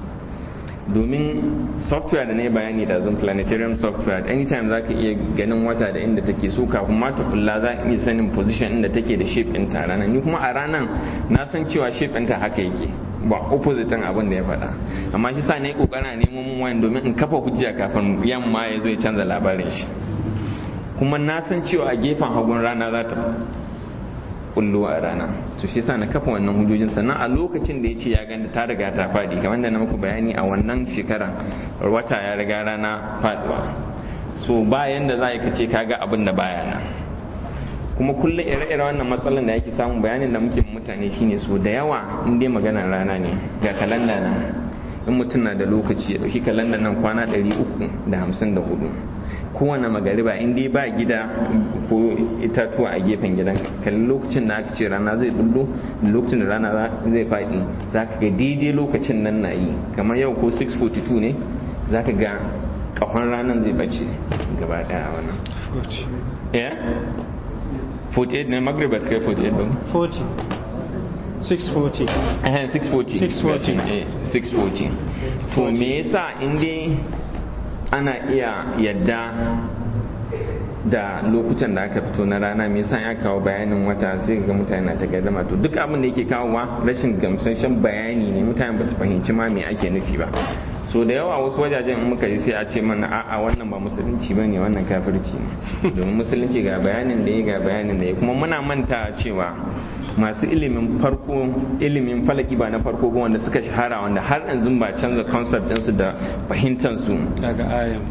domin software da na yi bayani da zan planetarium software anytime za ka iya ganin wata da inda take so kafin ma ta kula za iya sanin position inda take da shape ɗinta a ranar ni kuma a ranar na san cewa shape ɗinta haka yake ba opposite abin da ya faɗa amma shi sa na yi ƙoƙarin neman mun wayan domin in kafa hujja kafin yamma ya zo ya canza labarin shi kuma na san cewa a gefen hagun rana za ta kullu a rana to shi yasa na kafa wannan hujjojin sannan a lokacin da yace ya ganda ta riga ta fadi kamar da na muku bayani a wannan shekara wata ya riga rana faduwa so bayan da za ka ce kaga abin da baya na kuma kullum ire-ire wannan matsalar da yake samun bayanin da muke mutane shine so da yawa in dai maganar rana ne ga kalanda na in mutum na da lokaci ya dauki kalanda nan kwana 354 kowane magariba in dai ba gida ko itatuwa a gefen gidan kalli lokacin da aka ce rana zai dullo lokacin da rana zai faɗi za ka ga daidai lokacin nan na yi kamar yau ko 642 ne za ka ga kahon ranar zai bace gaba daya a wannan 48 eh? ne magriba ta kai 48 ba 40 640 640 640 to me yasa in dai ana iya yadda da lokutan da aka fito na rana me yasa ya kawo bayanin wata sai ga mutane na ta to duk abin da yake kawowa rashin gamsashen bayani ne mutane ba su fahimci ma me ake nufi ba so da yawa wasu wajajen in muka yi sai a ce mana a wannan ba musulunci ba ne wannan kafirci ne domin musulunci ga bayanin da ya ga bayanin da ya kuma muna manta cewa masu ilimin farko ilimin falaki ba na farko ba wanda suka shahara wanda har yanzu ba canza concept ɗinsu da fahimtansu daga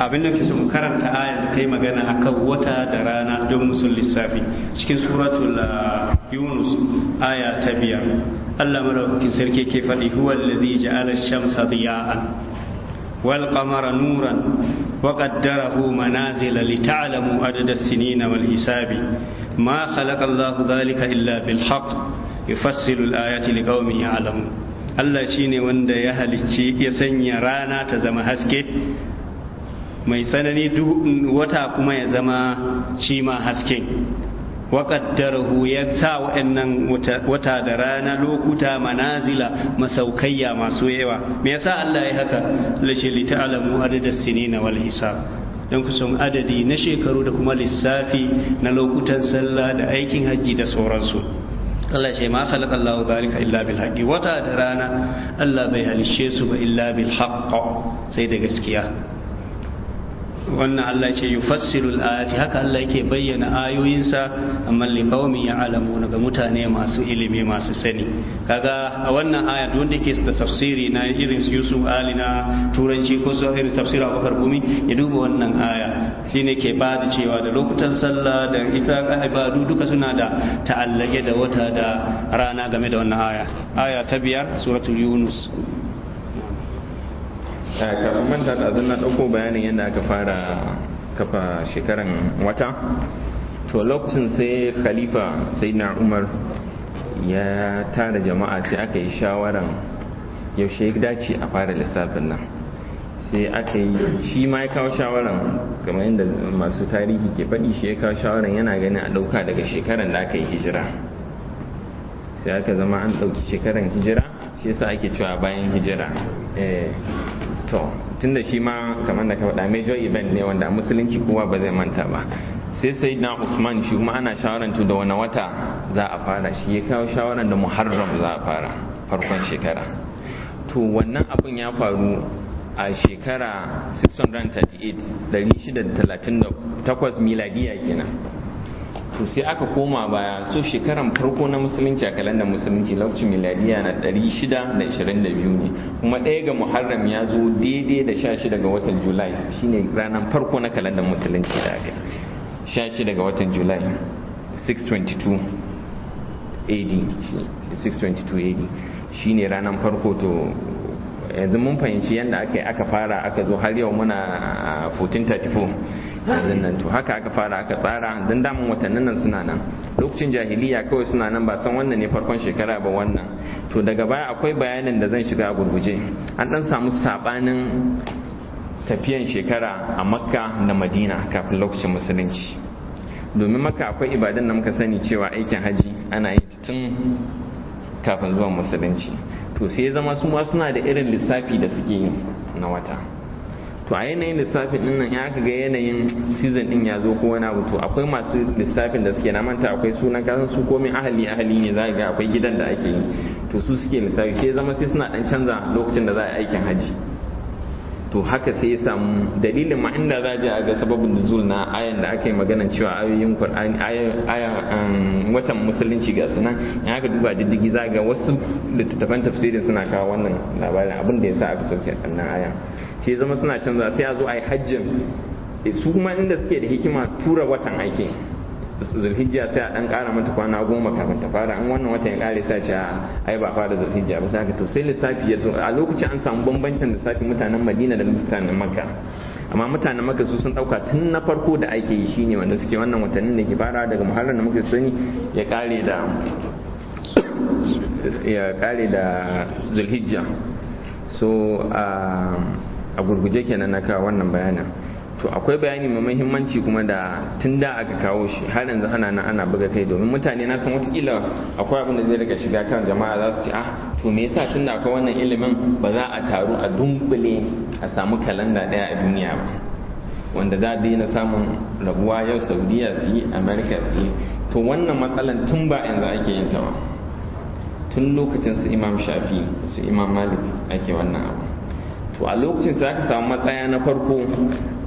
abin da su karanta aya da ta yi magana a kan wata da rana don musul lissafi cikin suratul ah, yunus aya ta biyar allah maraukakin sarki ke faɗi huwal ladhi ja'ala shamsa diya'an wal qamara nuran wa qaddarahu manazila li ta'lamu adada sinina wal hisabi ma khalaqa allah dhalika illa bil haqq yufassilu al ayati liqaumin ya'lamun allah shine wanda ya halicci ya sanya rana ta zama haske mai tsanani wata kuma ya zama cima hasken waƙaddarahu ya sa waɗannan wata da rana lokuta manazila masaukayya masu yawa me yasa Allah ya haka lashe li ta'lamu adada sinina wal hisab dan kusan adadi na shekaru da kuma lissafi na lokutan sallah da aikin hajji da sauransu Allah ce ma khalaqa Allahu zalika illa bil haqqi wata da rana Allah bai halishe su ba illa bil haqq sai da gaskiya wannan Allah ce yufassirul ayati haka Allah yake bayyana ayoyinsa amma qaumi ya'lamu ga mutane masu ilimi masu sani kaga a wannan aya duk wanda yake da tafsiri na irin Yusuf Ali turanci ko su irin tafsira Gumi ya duba wannan aya shine ke ba da cewa da lokutan sallah da ita ibadu duka suna da ta'allake da wata da rana game da wannan aya aya ta biyar suratul Yunus Eh, kafin manta da na ɗauko bayanin yadda aka fara kafa shekaran wata to lokacin sai khalifa sai na umar ya tara jama'a sai aka yi shawaran yaushe ya dace a fara lissafin nan sai aka yi shi ma ya kawo shawaran kamar yadda masu tarihi ke faɗi shi ya kawo shawaran yana ganin a ɗauka daga shekaran da aka yi hijira sai aka zama an ɗauki shekaran hijira shi yasa ake cewa bayan hijira eh, to tunda shi ma kamar da ka faɗa major event ne wanda musulunci kowa ba zai manta ba sai sai na usman shi kuma ana shawarantu da wani wata za a fara shi ya kawo shawaran da muharram za a fara farkon shekara to wannan abin ya faru a shekara 638 miladiya kenan to sai aka koma baya so shekaran farko na musulunci a kalandar musulunci lokacin miladiya na 622 ne kuma ɗaya ga muharram ya zo daidai da 16 ga watan julai shine ranar farko na kalandar musulunci da aka 16 ga watan julai 622 AD 622 AD shine ranar farko to yanzu mun fahimci yadda aka aka fara aka zo har yau muna 1434 ah, abin to haka aka fara aka tsara dan daman watannin nan suna nan lokacin jahiliya kawai suna nan ba san wannan ne farkon shekara ba wannan to daga baya akwai bayanin da zan shiga gurguje an dan samu sabanin tafiyan shekara a makka da madina kafin lokacin musulunci domin makka akwai ibadan da muka sani cewa aikin haji ana yi tun kafin zuwan musulunci to sai zama su suna da irin lissafi da suke yi na wata to a yanayin lissafin ɗin nan ya ga yanayin season din ya zo ko wani abu to akwai masu lissafin da suke na manta akwai sunan kasan su komai ahali ahali ne za ga akwai gidan da ake yi to su suke lissafi sai zama sai suna ɗan canza lokacin da za a aikin haji to haka sai ya samu dalilin ma inda za a ga sababin nuzul na ayan da aka yi magana cewa ayoyin qur'ani ayan um, watan musulunci ga sunan in aka duba diddigi za a ga wasu littattafan tafsirin suna kawo wannan labarin abin da sa aka sauke wannan ayan sai zama suna canza sai a zo a yi hajjin eh, su kuma inda suke da hikima tura watan aiki zulhijja sai a dan kara mata kwana goma kafin ta fara an wannan watan ya kare sa ce ah, ai ba fara zulhijja ba sai to sai lissafi ya zo a lokacin an samu bambancin lissafi mutanen Madina da mutanen Makka amma mutanen makka su sun dauka tun na farko da ake yi shine wanda suke wannan watannin da ke fara daga muharram da muke sani ya kare da ya kare da zulhijja so um, a gurguje kenan na kawo wannan bayanin to akwai bayani mai muhimmanci kuma da tun da aka kawo shi har yanzu ana nan ana buga kai domin mutane na san watakila akwai abin da zai daga shiga kan jama'a za su ce ah to me yasa tun da akwai wannan ilimin ba za a taru a dunkule a samu kalanda daya a duniya ba wanda za a daina samun rabuwa yau saudiya su yi america su yi to wannan matsalan tun ba yanzu ake yin ta ba tun lokacin su imam shafi su imam malik ake wannan abu to a lokacin sai aka samu matsaya na farko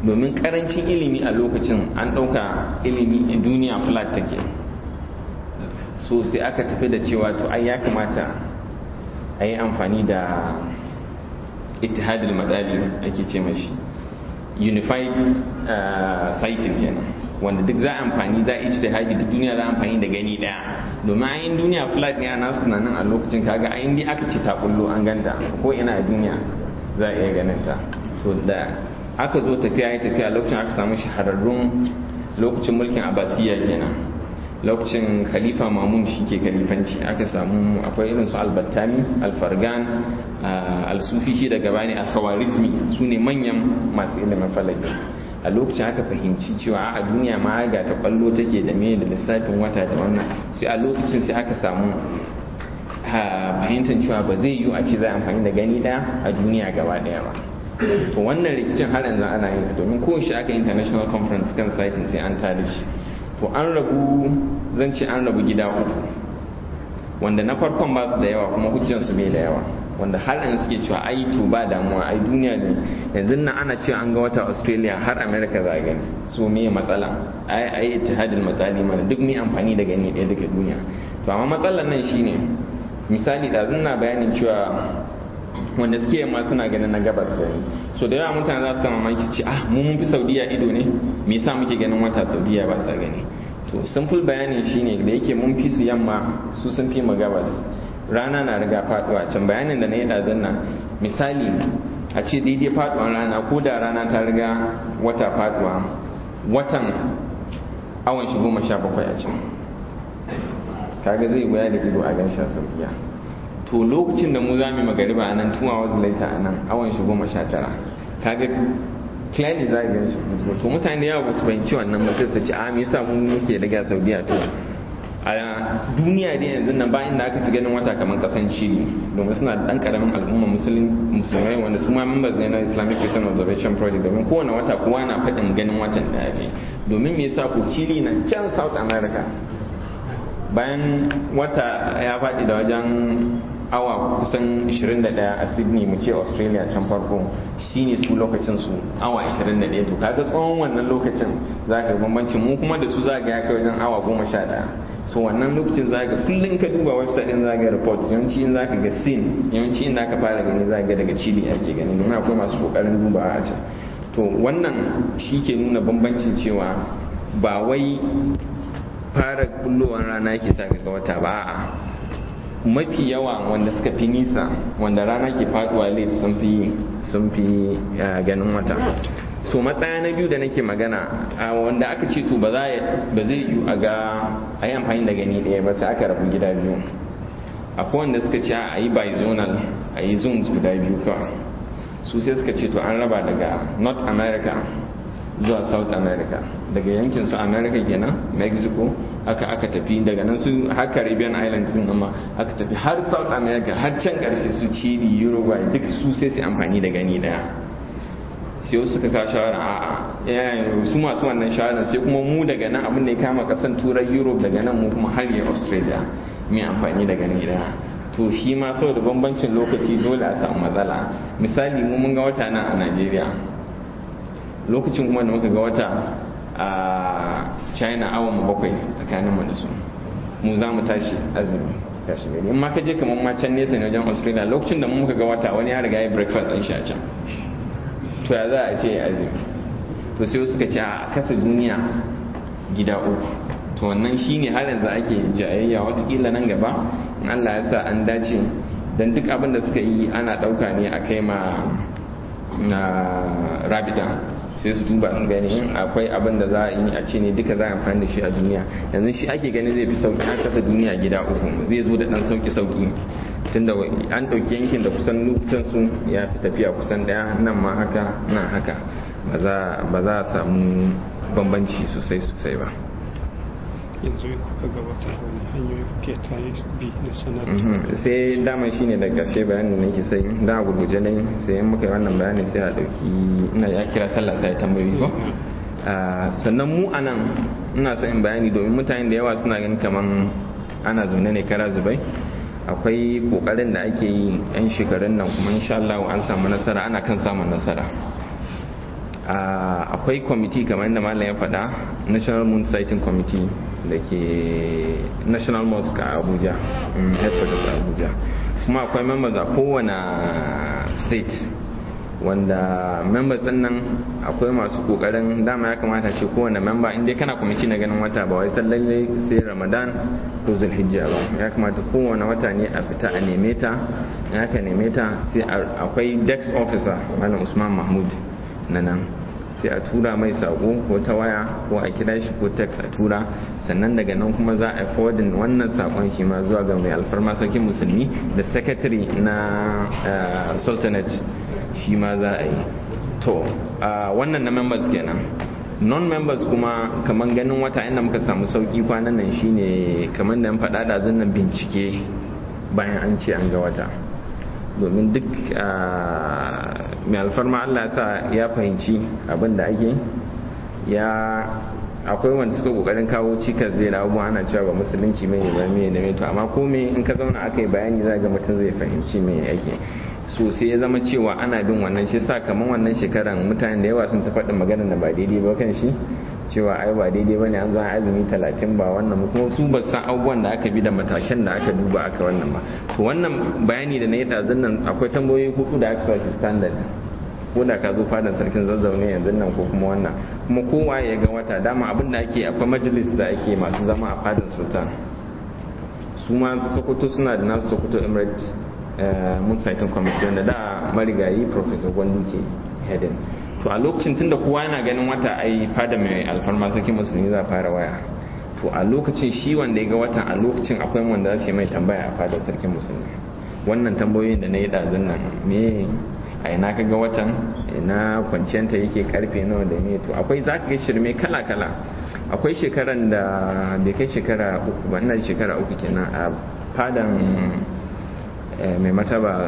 domin karancin ilimi a lokacin an ɗauka ilimi a duniya flat take so sai aka tafi da cewa to ai ya kamata a yi amfani da itihadul madali ake ce mashi unified uh, sighting kenan wanda duk za a amfani za a haɗi duk duniya za a amfani da gani daya domin ayin duniya flat ne a nasu tunanin a lokacin kaga ayin dai aka ce takullo an ganta ko ina a duniya za a iya ganin ta to da aka zo tafiya ya tafiya lokacin aka samu shahararrun lokacin mulkin abasiya kenan lokacin khalifa mamun shi ke khalifanci aka samu akwai irin su albattani alfargan ah, alsufi shi daga bani alkhawarizmi su ne manyan masu ilimin falaki a lokacin aka fahimci cewa a duniya ma ga ta kwallo take da me da lissafin wata da wannan sai a lokacin sai aka samu fahimtar cewa ba zai yiwu a ce za a amfani da gani ɗaya a duniya gaba ɗaya ba to wannan rikicin har yanzu ana yin ta. domin kowace aka international conference kan sitin sai an tare shi to an ragu zan ce an rabu gida uku wanda na farkon ba su da yawa kuma hujjansu bai da yawa wanda har yanzu suke cewa ai to ba damuwa ai duniya ne yanzu nan ana cewa an ga wata australia har america za gani so me matsala ai ai ittihadul matsali mana duk mai amfani da gani ɗaya daga duniya to amma matsalar nan shine misali da na bayanin cewa wanda suke yamma suna ganin na gabas ne so da yawa mutane za su kama mamaki ce ah mun fi saudiya ido ne me yasa muke ganin wata saudiya ba sa gani to simple bayanin shine da yake mun fi su yamma su sun fi mu gabas rana na riga faduwa can bayanin da na yi dazin nan misali a ce daidai faduwan rana ko da rana ta riga wata faduwa watan awon shi goma sha bakwai a can kaga zai waya da ido a ganshin sauƙiya to lokacin da mu za mu magariba a nan tuma wasu laita a nan awon shi goma sha tara kaga clearly za a ganshi shi to mutane da yawa su fahimci wannan ba sai su ce a ah, me yasa mu muke daga saudiya to a duniya da yanzu nan bayan da aka fi ganin wata kamar kasan chile domin suna da dan karamin al'umma musulmai wanda su ma members ne na islamic christian observation project domin kowane wata kowa na faɗin ganin watan ɗaya ne domin me yasa ku chile na can south america bayan wata ya faɗi da wajen awa kusan 21 a sydney mu ce australia can farko shi ne su lokacin su awa 21 to kaga tsawon wannan lokacin za ka bambancin mu kuma da su za ga ya kai wajen awa 11 so wannan lokacin za ga kullum ka duba website din za ga report yawanci in za ka ga sin yawanci in za ka fara gani za ga daga chile ake gani domin akwai masu kokarin duba a can to wannan shi ke nuna bambancin cewa ba wai fara bullowar rana ke sa ga wata ba a mafi yawa wanda suka fi nisa wanda rana ke faduwa late sun fi sun fi ganin wata so matsaya na biyu da nake magana a wanda aka ce to ba zai yi a ga a yi amfani da gani ɗaya ba sai aka rabu gida biyu akwai wanda suka ce a yi zonal a yi zones guda biyu kawai su sai suka ce to an raba daga north america zuwa south america daga yankin su america kenan mexico aka aka tafi daga nan su har caribbean islands din amma aka tafi har south america har can karshe su chile uruguay duk su sai su amfani da gani daya sai wasu suka kawo shawara a'a su masu wannan shawara sai kuma mu daga nan abin da ya kama kasan turai europe daga nan mu kuma har ya australia mai amfani da gani daya to shi ma saboda bambancin lokaci dole a samu matsala misali mu mun ga wata nan a najeriya lokacin kuma da muka ga wata a china awon bakwai tsakanin mu da su mu za mu tashi azumi tashi gari in ma ka je kamar ma can nesa na wajen australia lokacin da muka ga wata wani ya riga ya breakfast an shi a can to ya za a ce azumi to sai suka ce a kasa duniya gida uku to wannan shine har yanzu ake jayayya watakila nan gaba in allah ya sa an dace dan duk abin da suka yi ana ɗauka ne a kai ma na rabida sai su duba su gani shi akwai abin da za a yi a ce ne duka za a amfani da shi a duniya yanzu shi ake gani zai fi sauki an kasa duniya gida uku zai zo da dan sauki sauki tunda an ɗauki yankin da kusan lokutan su ya fi tafiya kusan ɗaya nan ma haka nan haka ba za a samu bambanci sosai sosai ba yanzu kuka gabata wani hanyoyi kuke ta bi na sanar mhm. sai dama shi ne da ƙarshe bayanin da ke sai da gurguje ne sai muka yi wannan bayanin sai a dauki ina ya kira sallah sai tambayoyi ko ah, sannan mu a nan ina son in bayani domin mutane da yawa suna ganin kaman ana zaune ne kara zubai akwai kokarin da ake yi yan shekarun nan kuma insha Allah an samu nasara ana kan samun nasara akwai kwamiti kamar yadda malam ya faɗa national moon sighting committee da ke national mosque a abuja mm, headquarters a abuja kuma akwai members a kowane state wanda members din nan akwai masu kokarin dama ya kamata ce kowane member in dai kana kwamiti na ganin wata ba wai lallai sai ramadan ko zulhijja ba ya kamata kowane wata ne a fita a neme ta in nemeta neme ta sai akwai dex officer malam usman mahmud na nan sai a tura mai saƙo ko ta waya ko a kira shi ko text a tura sannan daga nan kuma za a forwardin wannan sakon shi ma zuwa ga mai alfarma sarkin musulmi da secretary na eh, sultanate shi ma za a yi to wannan na members kenan non-members kuma kamar ganin wata inda muka samu sauki kwanan nan shine kamar da faɗa da nan bincike bayan an ce an ga wata domin duk ah, mai alfarma Allah sa ya fahimci abin da ake ya akwai wanda suka kokarin kawo cikas zai na ana cewa ba musulunci mai ba mai na to amma ko me in ka zauna aka yi bayani za ga mutum zai fahimci me yake so sai ya zama cewa ana bin wannan shi sa kaman wannan shekaran mutane da yawa sun ta faɗin maganar da ba daidai ba kan shi cewa ai ba daidai bane an zo an azumi talatin ba wannan kuma su ba san abubuwan da aka bi da matakan da aka duba aka wannan ba to wannan bayani da na yi tazin nan akwai tambayoyi hudu da aka sashi standard ko da ka zo fadan sarkin zazzau ne yanzu nan ko kuma wannan kuma kowa ya ga wata dama abin da ake akwai majalis da ake masu zama a fadan sultan su ma sokoto suna da nasu sokoto emirate eh, mun saitin kwamitin da da marigayi professor gwandu ke heading to a lokacin tunda kowa yana ganin wata ai fada mai alfarma sarki musulmi za fara waya to a lokacin shi wanda ya ga watan a lokacin akwai wanda za su mai tambaya a fada sarkin musulmi wannan tambayoyin da na yi ɗazun nan me a ina ka ga watan ina kwanciyanta yake karfe nawa da ne to akwai za ka ga shirme kala kala akwai shekaran da bai kai shekara uku ba ina shekara uku kenan a fadan eh, mai mataba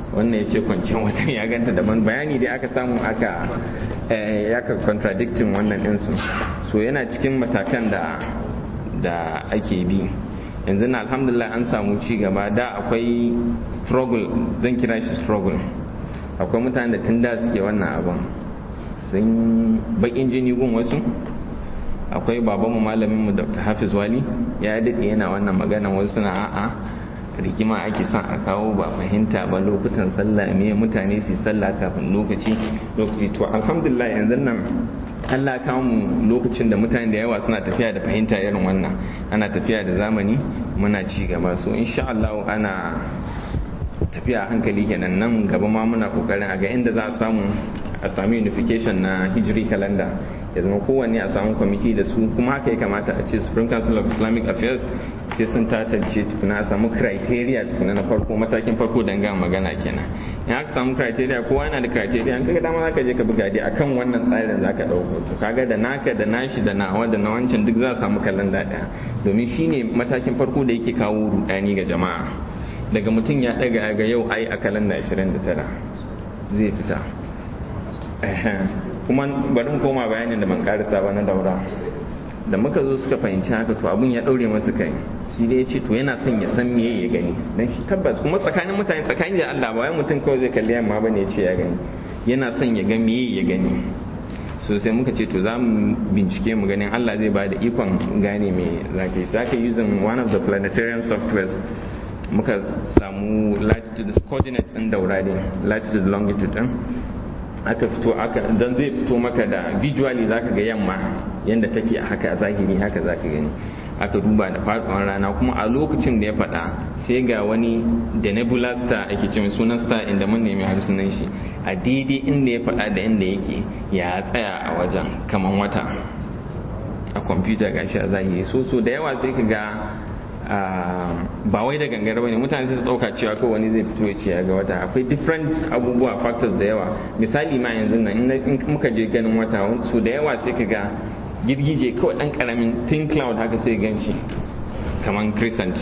wannan ya ce kwanciyar watan ya ganta daban bayani dai aka samu aka ya eh, ka contradictin wannan ɗinsu so yana cikin matakan da da ake bi yanzu na alhamdulillah an samu ci gaba da akwai struggle zan kira shi struggle akwai mutane da tun da suke wannan abin sun bakin jini gun wasu akwai babanmu malaminmu dr hafiz wali ya daɗe yana wannan magana wasu na a'a rigima ake son a kawo ba fahimta ba lokutan sallah me mutane su sallah kafin lokaci lokaci to alhamdulillah yanzu nan Allah ka mu lokacin da mutane da yawa suna tafiya da fahimta irin wannan ana tafiya da zamani muna ci gaba so insha Allah ana tafiya hankali kenan nan gaba ma muna kokarin a ga inda za a samu a sami unification na hijri calendar ya zama kowanne a samu kwamiti da su kuma haka ya kamata a ce supreme council of islamic affairs sai sun tatance tukuna a samu criteria tukuna na farko matakin farko don gama magana kenan in aka samu criteria kowa yana da criteria an kaga dama ka je ka buga a kan wannan tsarin za ka dauko to kaga da naka da nashi da nawa da na wancan duk za a samu kallon daya domin shine matakin farko da yake kawo rudani ga jama'a daga mutum ya daga ga yau ai a kalanda 29 zai fita kuma bari koma bayanin da ban karisa ba na daura da muka zo suka fahimci haka to abun ya daure masu kai shi ne ya ce to yana son ya san me ya gani dan shi tabbas kuma tsakanin mutane tsakanin da Allah ba wai mutum kawai zai kalli yamma bane ya ce ya gani yana son ya ga me ya gani so sai muka ce to za mu bincike mu ganin Allah zai ba da ikon gane me ka yi zaka using one of the planetarian softwares muka samu latitude coordinates din daura din latitude longitude din aka fito aka dan zai fito maka da visually zaka ga yamma yanda take a haka zahiri haka zaka gani aka duba da faduwan rana kuma a lokacin da ya faɗa sai ga wani da nebula star ake ce sunan star inda mun nemi har shi a daidai inda ya faɗa da inda yake ya tsaya a wajen kaman wata a kwamfuta gashi a zahiri so so da yawa sai ka ga Ah, ba wai da gangar bane mutane sai su dauka cewa ko wani zai fito ya ce ga wata akwai different abubuwa factors da yawa misali ma yanzu nan in muka je ganin wata su da yawa sai ka ga girgije kawai dan karamin thin cloud haka sai gan shi kamar crescent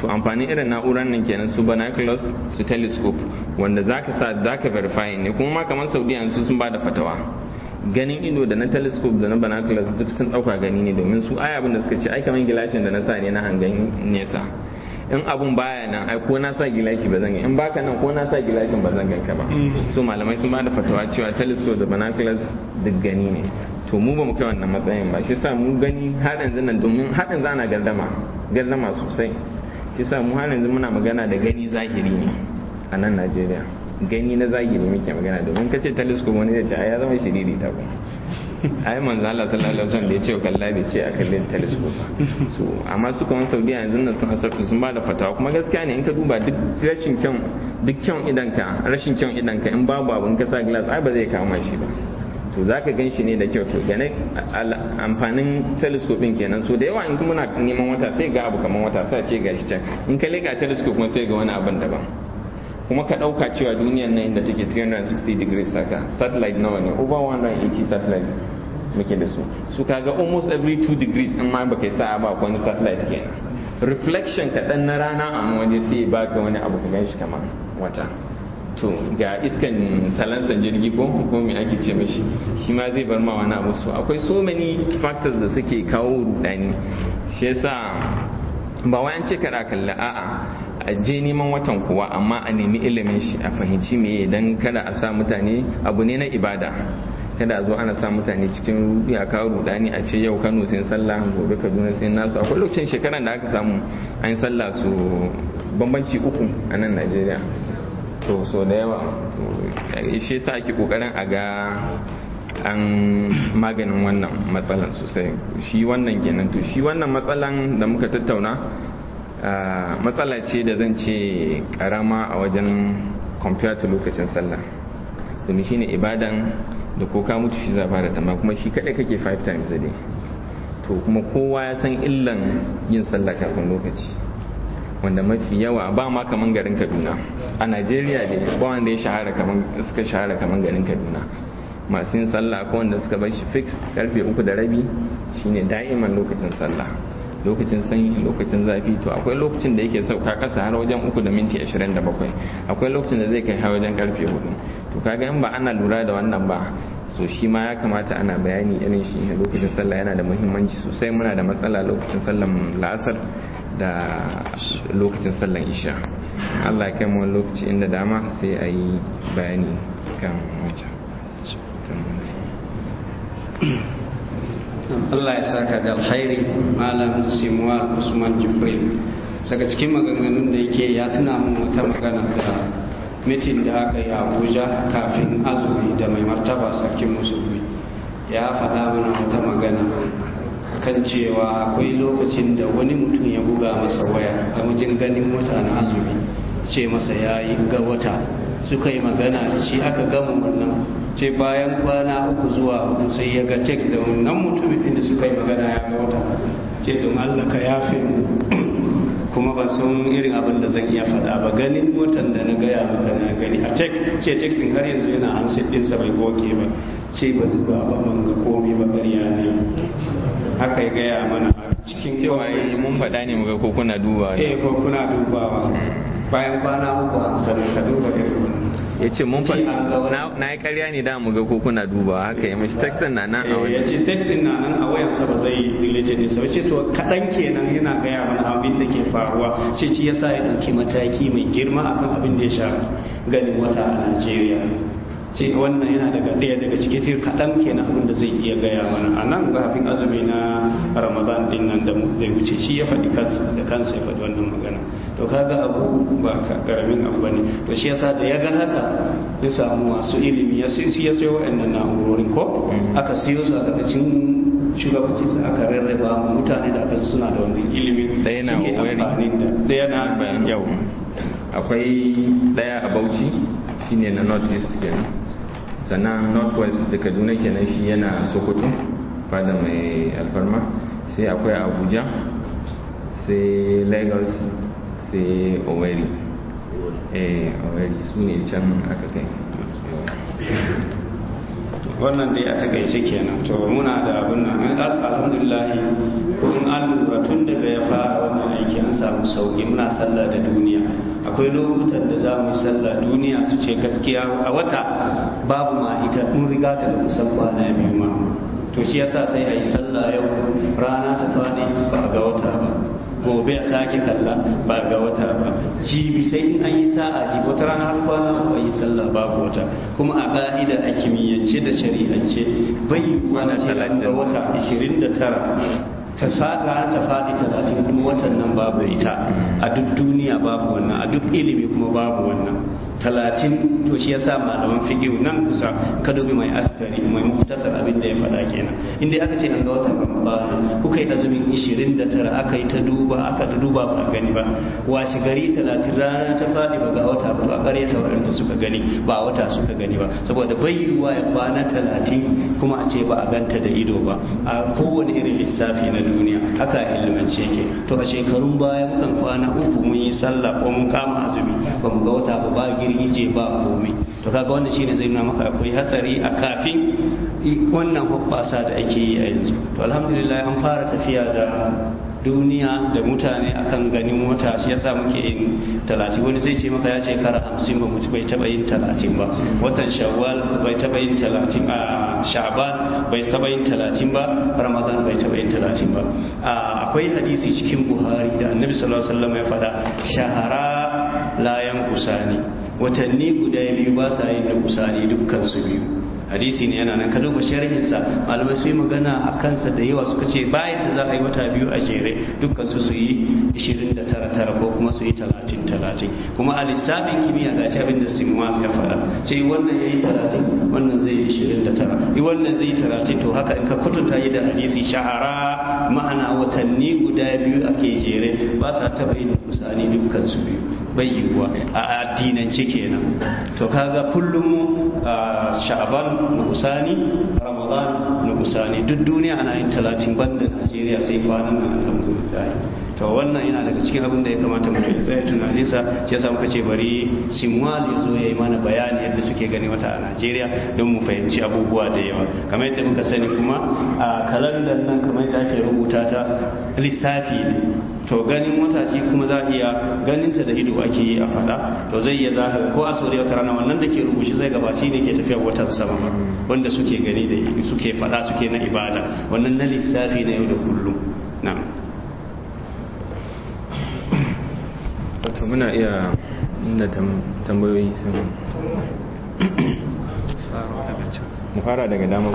to amfanin irin na'urar nan kenan su binoculars su telescope wanda zaka sa zaka verify ne kuma ma kamar saudiya su sun bada fatawa ganin ido da na telescope da na binoculars duk sun dauka gani ne domin su ai abin da suka ce ai kaman gilashin da na sa ne na hangen nesa in abun baya nan ai ko na sa gilashi ba zan in baka nan ko na sa gilashin ba zan ka ba mm-hmm. so malamai sun da fatawa cewa telescope da binoculars duk gani ne to mu ba mu kai wannan matsayin ba shi yasa mu gani har yanzu nan domin har yanzu ana gardama gardama sosai shi yasa mu har yanzu muna magana da gani zahiri ne a nan Najeriya gani na zahiri muke magana domin ka ce telescope wani zai ce ya zama shiriri ta a yi manzo Allah sallallahu alaihi wasallam da ya ce kalla bai ce a kallin telescope so amma su kuma Saudiya yanzu nan sun asarta sun ba da fatawa kuma gaskiya ne in ka duba duk rashin kyan duk kyan idan ka rashin kyan idan ka in babu abin ka sa glass ai ba zai kama shi ba to za ka gan shi ne da kyau to gane amfanin telescope kenan so da yawa in kuma muna neman wata sai ga abu kamar wata sai ce ga shi can in ka leka telescope kuma sai ga wani abin daban kuma ka ɗauka cewa duniyan nan inda take 360 degrees haka satellite nawa ne over 180 satellite muke da su su kaga almost every 2 degrees in ma baka sa'a ba wani satellite ke reflection kaɗan na rana a wani sai baka wani abu ka gan shi kamar wata to ga iskan salansan jirgi ko ko me ake ce mishi shi ma zai bar ma wani abu su akwai so many factors da suke kawo rudani shi yasa ba wai an ce kara kalla a'a a je neman watan kuwa amma a nemi ilimin shi a fahimci me dan kada a sa mutane abu ne na ibada kada a zo ana sa mutane cikin rubi a kawo rudani a ce yau Kano sai sallah gobe Kaduna sai nasu akwai lokacin shekaran da aka samu an sallah su bambanci uku a nan Najeriya to so da yawa eh, shi yasa ake kokarin a ga an maganin wannan matsalan sosai shi wannan kenan to shi wannan matsalan da muka tattauna matsala ce da zan ce karama a wajen kwamfiyatu lokacin sallah domin shine ibadan da ko ka mutu shi za da dama kuma shi kaɗai kake five times a day to kuma kowa ya san illan yin sallah kafin lokaci wanda mafi yawa ba ma kaman garin kaduna a najeriya dai ba wanda ya shahara kaman suka shahara kaman garin kaduna masu yin sallah ko wanda suka bar shi fixed karfe uku da rabi shine da'iman lokacin sallah lokacin sanyi lokacin zafi to akwai lokacin da yake sauka kasa har wajen uku da minti ashirin da bakwai akwai lokacin da zai kai har wajen karfe hudu to kaga in ba ana lura da wannan ba so shi ma ya kamata ana bayani irin shi lokacin sallah yana da muhimmanci sosai muna da matsala lokacin sallan la'asar da lokacin sallan isha Allah ya kai mu lokaci inda dama sai a yi bayani kan wancan Allah ya saka da alkhairi malam Simuwa Usman Jibril daga cikin maganganun da yake ya tuna mun wata magana da mitin da aka yi Abuja kafin azumi da mai martaba sarkin musulmi ya faɗa mana wata magana kan cewa akwai lokacin da wani mutum ya buga masa waya a mujin ganin wata na azumi ce masa ya yi ga wata suka yi magana shi aka gama wannan ce bayan kwana uku zuwa uku sai ya ga text da wannan mutumin inda suka yi magana ya ga wata ce don Allah ka yafe kuma ban san irin abin da zan iya faɗa ba ganin motan da na gaya maka na gani a text ce text din har yanzu yana an din sa bai goge ba ce ba zuba ba man ga komai ba ƙarya ne haka ya gaya mana cikin kewaye mun faɗa ne muga ko kuna dubawa eh ko kuna dubawa hmm. bayan kwana uku a sanu duba irin ya ce mun fa na yi karya ne da mu ga ko kuna duba haka ya mashi textin na nan a eh, wani. ya ce textin na nan a wayan sa ba zai yi ne sai ce to kadan kenan yana gaya mana abin da ke faruwa ce shi yasa ya dauki mataki mai girma akan abin da ya shafi ganin wata a Najeriya ce wannan yana daga ɗaya daga cikin kaɗan kenan abin da zai iya gaya mana a nan kafin azumi na ramadan ɗin nan da zai wuce shi ya faɗi da kansa ya faɗi wannan magana to kaga abu ba karamin abu bane to shi yasa da ya ga haka ya samu masu ilimi ya sai ya sayo wa'annan na'urorin ko mm. aka siyo su a ƙarƙashin shugabanci su aka rarraba mutane da aka suna da wannan ilimin ɗaya amfani da ɗaya na yau akwai ɗaya a bauchi shine na north east kenan sannan northwest da kaduna kenan shi yana sokoto fada mai alfarma sai akwai abuja sai lagos sai oweri eh oweri su ne can aka kai wannan dai a takaice kenan to muna da abin nan alhamdulillah kun an lura tun da ya fara wannan aiki an samu sauki muna sallah da duniya akwai lokutan da za mu yi sallah duniya su ce gaskiya a wata babu ma ita mun riga ta kusan kwana biyu ma to shi yasa sai a yi sallah yau rana ta faɗi ga wata gobe a sake kalla ba ga wata ba jibi sai in an yi sa'a ji wata rana har kwana a yi sallah babu wata kuma a ka'ida a kimiyyance da shari'ance bai wani talatin ga wata 29 ta sa'a ta faɗi talatin kuma watan nan babu ita a duk duniya babu wannan a duk ilimi kuma babu wannan talatin to shi yasa malaman fiqihu nan kusa ka dubi mai askari mai muktasar abin da ya faɗa kenan inda aka ce an ga watan ramadan kuka yi azumin 29 aka yi ta duba aka duba ba gani ba washi gari 30 rana ta faɗi ba ga wata ba ƙarya ta waɗanda suka gani ba wata suka gani ba saboda bai ya kwana talatin kuma a ce ba a ganta da ido ba a kowane irin lissafi na duniya haka ilmance ke to a shekarun baya mukan kwana uku mun yi sallah ko mun kama azumi ba mu ga wata ba ba girgije ba komai to kaga wanda shine zai nuna maka akwai hatsari a kafin wannan hoɓɓasa da ake yi a yanzu to alhamdulillah an fara tafiya da duniya da mutane akan ganin mota shi yasa muke yin talatin wani zai ce maka ya shekara hamsin ba mutu bai taɓa yin talatin ba watan shawwal bai taɓa yin talatin a sha'ban bai taɓa yin talatin ba ramadan bai taɓa yin talatin ba akwai hadisi cikin buhari da annabi sallallahu alaihi wasallam ya faɗa shahara layan kusani watanni guda biyu ba sa yin da kusani dukkan su biyu hadisi ne yana nan ka duba sharhinsa malamai su magana a kansa da yawa suka ce bayan da za a yi wata biyu a jere dukkan su su yi 29 ko kuma su yi 30 kuma a lissafin kimiyya ga abin da ma ya fara ce wannan ya yi 30 wannan zai yi 29 yi wannan zai yi 30 to haka in ka kutunta yi da hadisi shahara ma'ana watanni guda biyu ake jere ba sa taba yin kusani dukkan su biyu bai yiwuwa a addinance kenan to kaga kullum sha'aban nusani ramadan nusani duk duniya ana yin talatin banda najeriya sai kwanan nan alhamdulillah to wannan yana daga cikin abin da ya kamata mutum ya tsaya tunanin sa shi sa muka ce bari simwal ya zo ya yi mana bayani yadda suke gani wata a najeriya don mu fahimci abubuwa da yawa kamar yadda muka sani kuma a kalandar nan kamar yadda ake rubuta ta lissafi ne to ganin mota kuma za a iya ganin ta da ido ake yi a fada to zai iya za ko a saurayi wata rana wannan da ke rubuci zai gabaci ne ke tafiya watan sama wanda suke gani da suke fada suke na ibada wannan na lissafi na yau da kullum na. wato muna iya inda tambayoyi sun mu fara daga damar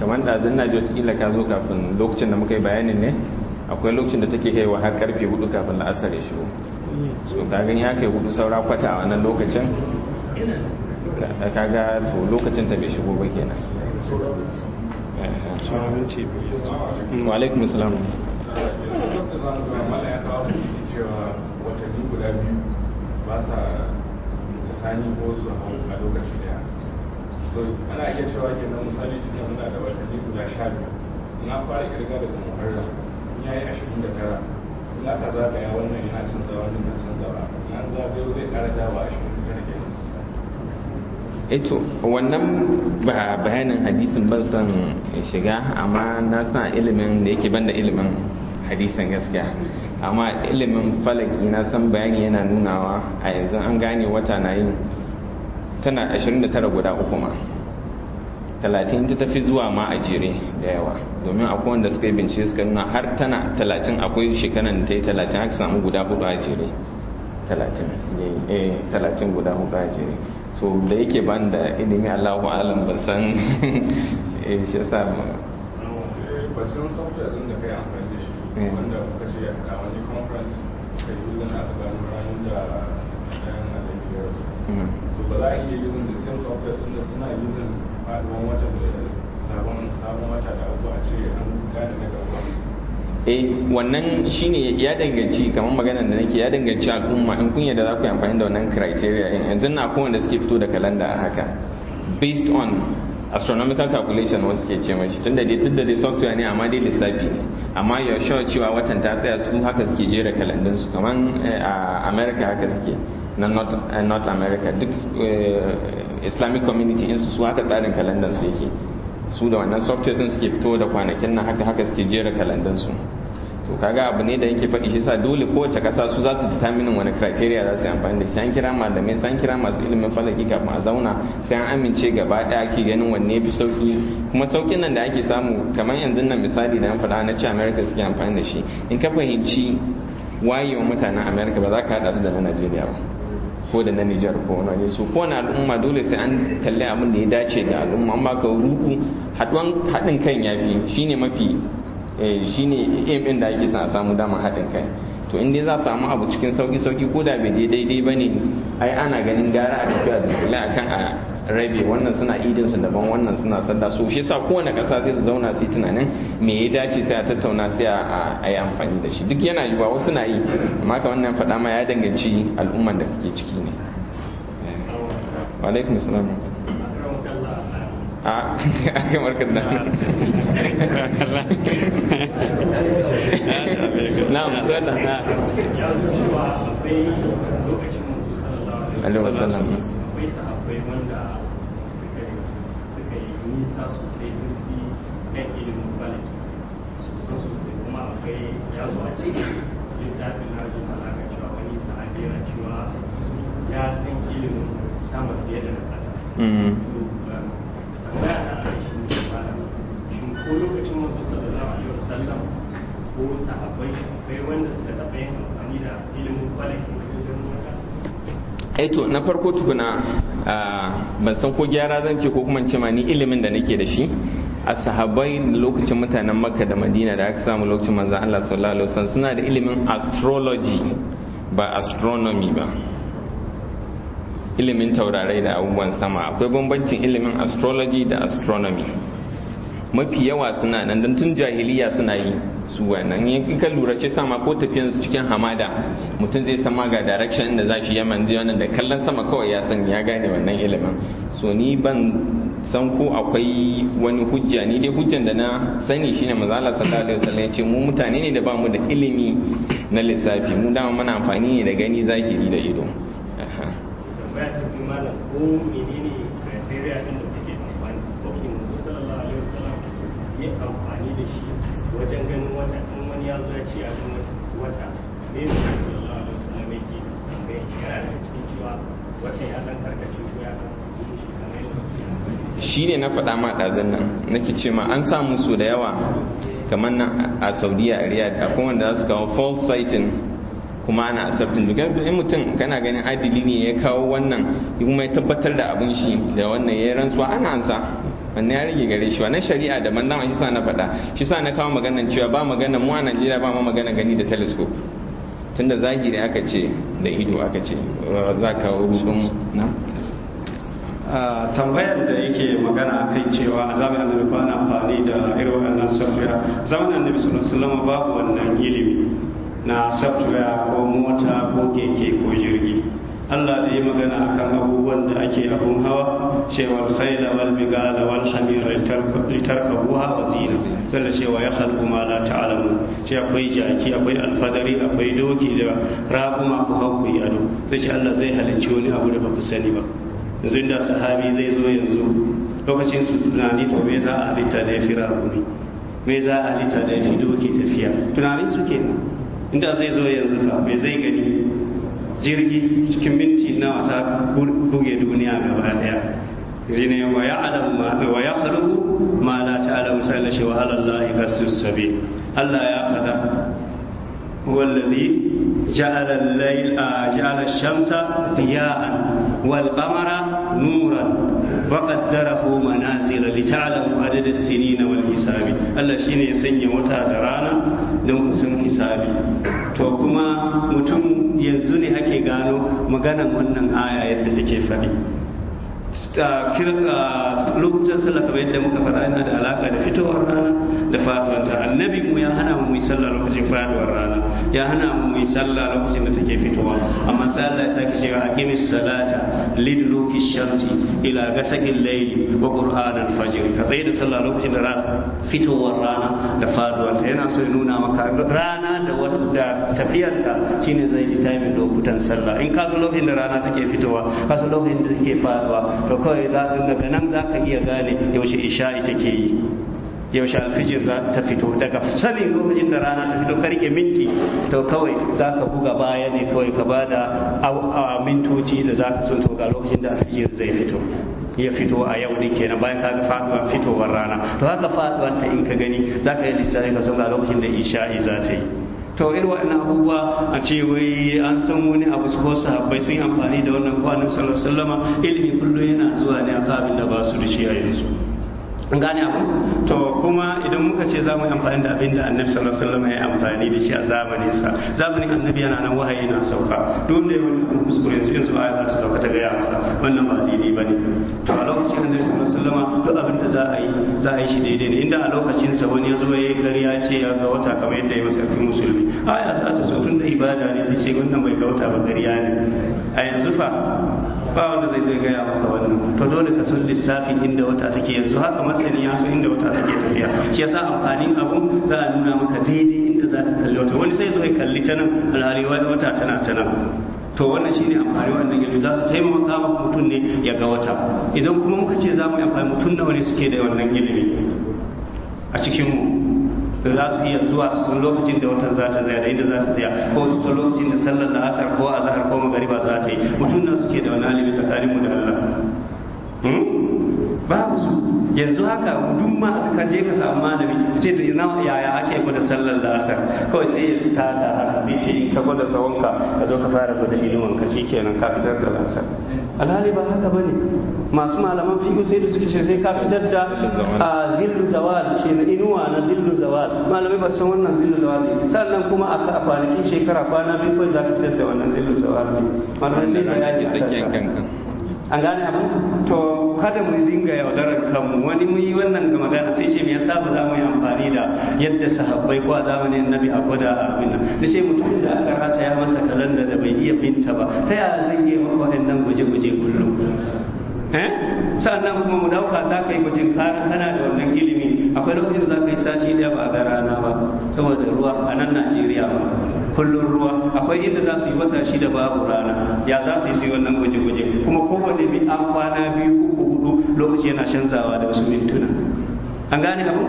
kamar da zan naji wasu ka zo kafin lokacin da muka yi bayanin ne akwai lokacin da take wa har karfe hudu kafin la'asar ya shigo so kagan ya kai hudu saura kwata a wannan lokacin kaga to lokacin ta bai shigo ba kenan mm, wa alaikum ba sa ko su a lokacin so ana iya cewa kenan misali cikin muna da watanni guda sha biyu na fara kirga daga muharram ya yi ashirin da tara in aka zagaya wannan yana canza wannan yana canzawa in an zagayo zai kara dawa ashirin da tara kenan eto eh wannan ba bayanin hadisin ban san shiga amma na san ilimin da yake banda ilimin hadisin gaskiya amma ilimin falaki na san bayani yana nunawa a yanzu an gane wata na yin tana 29 guda uku ma 30 ta tafi zuwa ma a jere da yawa domin akwai wanda suka yi bincike suka nuna har tana 30 akwai shekaran ta yi 30 aka samu guda hudu a jere 30 eh, guda hudu a jere so da yake ban da ilimi allahu alam eh, ba san shi yasa ba bacin software sun da kai amfani da shi eh. wanda kuka ce a wani conference kai yi a tsakanin ranar da ba za a iya using the same software sun da suna using faduwan wata da sabon wata da abu a ce an gane na gaba eh wannan shine ya danganci kamar maganar da nake ya danganci al'umma in kun yadda za ku yi amfani da wannan criteria in yanzu na kowanne suke fito da kalanda a haka based on astronomical calculation wasu ke ce mashi tunda dai tunda dai software ne amma dai lissafi ne amma ya sure cewa watan ta tsaya tun haka suke jera kalandunsu kamar eh, a america haka suke na eh, north, america duk eh, islamic community in su su haka tsarin kalandar su yake su da wannan software din suke fito da kwanakin nan haka haka suke jera kalandar su to kaga abu ne da yake faɗi shi sa dole kowace ƙasa su za su determine wani criteria za su yi amfani da shi an kira malamai san kira masu ilimin falaki kafin a zauna sai an amince gaba ɗaya ake ganin wanne fi sauki kuma saukin nan da ake samu kamar yanzu nan misali da an faɗa na ce america suke amfani da shi in ka fahimci wayewa mutanen america ba za ka haɗa su da na najeriya ba ko da na Nijar ko wani su ko al'umma dole sai an kalli abin da ya dace da al'umma amma ka ruku haɗin kan ya fi shine mafi eh, shine ne da ake sa samu dama haɗin kai to in dai za samu abu cikin sauki sauki ko da bai daidai ba ne ai ana ganin gara a tafiya da kula akan a rabe wannan suna idin su daban wannan suna sadda su shi yasa kowane kasa sai su zauna su yi tunanin me ya dace sai a tattauna sai a yi amfani da shi duk yana yiwuwa wasu na yi amma ka wannan faɗa ma ya danganci al'umman da kake ciki ne alaikum salam a kamar kadda na'am sallah alaihi wasallam nisa sosai zurfi kan ilimin falaki sosai sosai kuma akwai ya zo a cikin littafin hajji malaka cewa wani sa'adira cewa ya san ilimin sama fiye da na ƙasa mm-hmm. um, tambaya ta a shi ne shin ko lokacin mazu sallallahu alaihi wasallam ko sahabbai akwai wanda suka taɓa yin amfani da ilimin falaki wajen wata Eh to na farko tukuna ban san ko gyara zan ce ko kuma ce ma ni ilimin da nake da shi a sahabai lokacin mutanen makka da madina da aka samu lokacin manzan allah sallallahu alaihi wasallam suna da ilimin astrology ba astronomy ba ilimin taurarai da abubuwan sama akwai bambancin ilimin astrology da astronomy mafi yawa suna nan don tun jahiliya suna yi su wannan in ka lura ce sama ko tafiyan su cikin hamada mutum zai sama ga direction inda za shi yaman zai wannan da kallon sama kawai ya san ya gane wannan ilimin so ni ban san ko akwai wani hujja ni dai hujjan da na sani shine manzo Allah sallallahu alaihi wasallam ya ce mu mutane ne da bamu da ilimi na lissafi mu dama muna amfani ne da gani yi da ido ko wajen ganin wata in wani ya zo ya ce a wata me ne ya sallallahu alaihi wasallam yake tambaye yana da cikin cewa wata ya dan karkace ko ya shi ne na faɗa ma ɗazan nan nake ce ma an samu su da yawa kamar nan a saudiya a riyad kuma wanda za su kawo false sighting kuma ana accepting duk in mutum kana ganin adili ne ya kawo wannan kuma ya tabbatar da abin shi da wannan ya rantsuwa ana ansa wannan ya rage gare shi wannan shari'a da dama shi sa na faɗa shi sa na kawo maganan cewa ba magana mu a Najeriya ba ma magana gani da telescope tunda zahiri aka ce da ido aka ce za ka rubin na tambayar da yake magana a kai cewa a zamanin annabi ba na amfani da irin wannan software zamanin annabi sallallahu alaihi babu wannan ilimi na software ko mota ko keke ko jirgi Allah da yi magana a kan abubuwan da ake abun hawa cewa khaila wal bigala wal hamir litarkabuha wa zina sannan cewa ya khalqu ma la ta'lamu ce akwai jaki akwai alfadari akwai doki da raguma ku hau ku yi ado sai ce Allah zai halicci wani abu da ba ku sani ba yanzu inda sahabi zai zo yanzu lokacin su tunani to me za a halitta da ya fi ragumi me za a halitta da ya fi doki tafiya tunani su kenan inda zai zo yanzu fa me zai gani jirgi cikin minti nawa ta buge duniya gaba daya shine wa ya'lamu ma wa yakhluqu ma la ta'lamu sai Allah wa ala Allahi sabi Allah ya fada huwa ja'ala al-layla ja'ala ash-shamsa diya'an wal nuran وقدره منازل لتعلم عدد السنين والحساب الله شيني يسني وتا درانا don sun حسابي to kuma mutum yanzu ne ake gano maganan wannan aya yadda suke faɗi lokutan sallah kamar yadda muka fara yana da alaƙa da fitowar rana da ta annabi mu ya hana mu yi sallah lokacin faduwar rana ya hana mu yi sallah lokacin da take fitowa amma sai Allah ya sake cewa aqimis salata lidluki shamsi ila gasakin layli wa qur'an al-fajr ka sai da sallah lokacin da fitowar rana da faduwar ta yana so ya nuna maka rana da wata da tafiyarta shine zai ji timing lokutan sallah in ka san lokacin da rana take fitowa ka san lokacin da take faduwa to kai za ka daga nan za ka iya gane yaushe isha'i take yi yaushe alfijir ta fito daga sabin lokacin da rana ta fito karke minti to kawai za ka buga baya ne kawai ka bada mintoci da za ka sun to ga lokacin da alfijir zai fito ya fito a yau din kenan bayan ka ga faduwar fitowar rana to haka faduwar ta in ka gani za ka yi lissafi ka sun ga lokacin da isha'i za ta yi to irin abubuwa a ce wai an san wani abu su ko sahabbai sun yi amfani da wannan kwanan sallallahu alaihi wasallama ilimi kullum yana zuwa ne a abin da ba su da shi a yanzu gane abu to kuma idan muka ce za mu yi amfani da abin da annabi sallallahu alaihi wasallam ya amfani da shi a zamanin sa zamanin annabi yana nan wahayi na sauka duk da yawan kun kuskure yanzu yanzu aya za ta sauka ta gaya masa wannan ba daidai ne to a lokacin annabi sallallahu alaihi wasallam duk abin da za a yi za a yi shi daidai ne inda a lokacin sa wani ya zo ya gari ya ce ya ga wata kamar yadda ya masa musulmi aya za ta so tun da ibada ne sai ce wannan bai ga wata ba gari ne a yanzu fa ba wanda zai zai gaya maka wannan to dole ka sun lissafin inda wata take yanzu haka masani ya inda wata take tafiya shi yasa amfanin abu za a nuna maka daidai inda za ka kalli wata wani sai zo ya kalli ta nan alhali wata tana ta nan to wannan shine amfani wannan yanzu za su taimaka maka mutum ne ya ga wata idan kuma muka ce za mu yi amfani mutum nawa ne suke da wannan ilimi a cikin mu da za su iya zuwa su lokacin da watan za ta zaya da inda za ta zaya ko su lokacin da sallar da asar ko zahar ko magariba za ta yi mutum nan suke da wani alibi tsakaninmu da Allah Hmm? babu su yanzu haka duk ma ka je ka samu malami ce da ina yaya ake gwada sallar da asar? kawai sai ta da sai ce in ka gwada tsawonka ka zo ka fara gwada ilimin ka shi kenan ka fitar da asar. alhali ba haka bane masu malaman fiƙo sai da suke ce sai ka fitar da zillu zawal shi na inuwa na zillu zawal malamai ba san wannan zillu zawal ne sannan kuma a kwanakin shekara kwana biyu kawai za ka fitar da wannan zillu zawal ne Malami sai ka yaji a kanka an gane abu to kada mu dinga yaudarar kanmu wani mu yi wannan ga magana sai ce me yasa ba za mu yi amfani da yadda sahabbai ko a zamanin nabi a gwada abin da ce mutum da aka rata ya masa kalanda da bai iya binta ba ta yaya zan yi maka waɗannan guje-guje kullum eh sa'annan kuma mu dauka za ka yi mutum kana da wannan ilimi akwai lokacin da za ka yi sati ɗaya ba a ga rana ba saboda ruwa a nan Najeriya ba kullun ruwa akwai inda za su yi wata shida babu rana ya za su yi su yi wannan guje guje kuma kowane mai an kwana biyu uku hudu lokaci yana canzawa da wasu mintuna an gane abu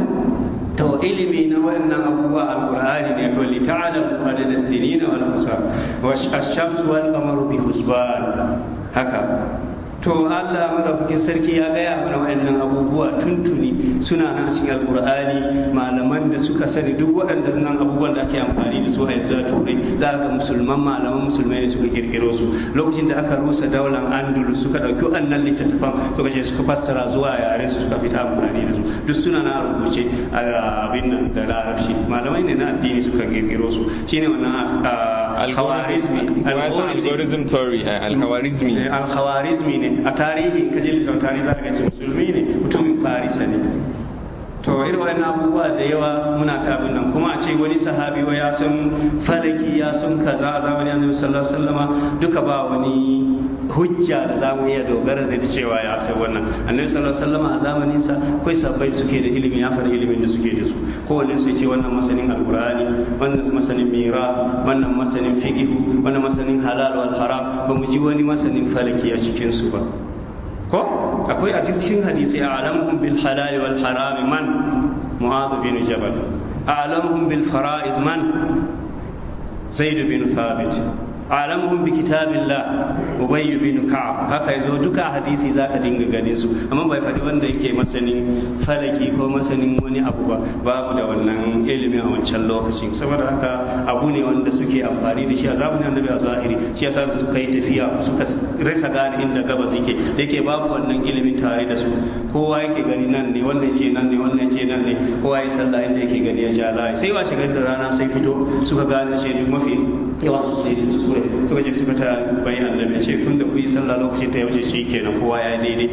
to ilimi na wannan abubuwa alqur'ani ne to lita'alamu da sinina wal musa wa ash-shamsu wal qamaru bi husban haka to Allah madaukakin sarki ya gaya mana wayannan abubuwa tuntuni suna nan cikin alqur'ani malaman da suka sani duk waɗannan abubuwan da ake amfani da su a yanzu a turai za ga musulman malaman musulmai ne suka kirkiro su lokacin da aka rusa daular andalus suka ɗauki annan littattafan suka je suka fassara zuwa yare su suka fita amfani da su duk suna na rubuce a abin nan da larabci malamai ne na addini suka kirkiro su shine wannan ah, algorithm theory ne a tarihi ka je littafin tarihi za musulmi ne mutumin to irin waɗannan abubuwa da yawa muna ta abin nan kuma a ce wani sahabi ya sun falaki ya sun kaza a zamanin annabi sallallahu alaihi wasallama duka ba wani hujja za mu iya dogara da cewa ya sai wannan annabi sallallahu alaihi wasallam a zamanin sa akwai sabbai suke da ilimi ya fara ilimin da suke da su kowanne su ce wannan masanin alqur'ani wannan masanin mira wannan masanin fiqh wannan masanin halal wal haram ba mu ji wani masanin falaki a cikin su ba ko akwai a cikin hadisi a'lamu bil halal wal haram man mu'adh bin jabal a'lamu bil fara'id man zaid bin thabit alamuhum bi kitabillah ubay bin ka'ab haka yazo duka hadisi za ka dinga ganin su amma bai faɗi wanda yake masanin falaki ko masanin wani abu ba babu da wannan ilimi a wancan lokacin saboda haka abu ne wanda suke amfani da shi a zamanin annabi a zahiri shi yasa su kai tafiya suka rasa gane inda gabas yake yake babu wannan ilimin tare da su kowa yake gani nan ne wannan ce nan ne wannan ce nan ne kowa ya da inda yake gani ya ja sai washe gari da rana sai fito suka gane shi mafi yawa su sai su suka je suka tambayi annabi ce kun da kuyi sallah lokacin ta yaushe shi kenan kowa ya daidai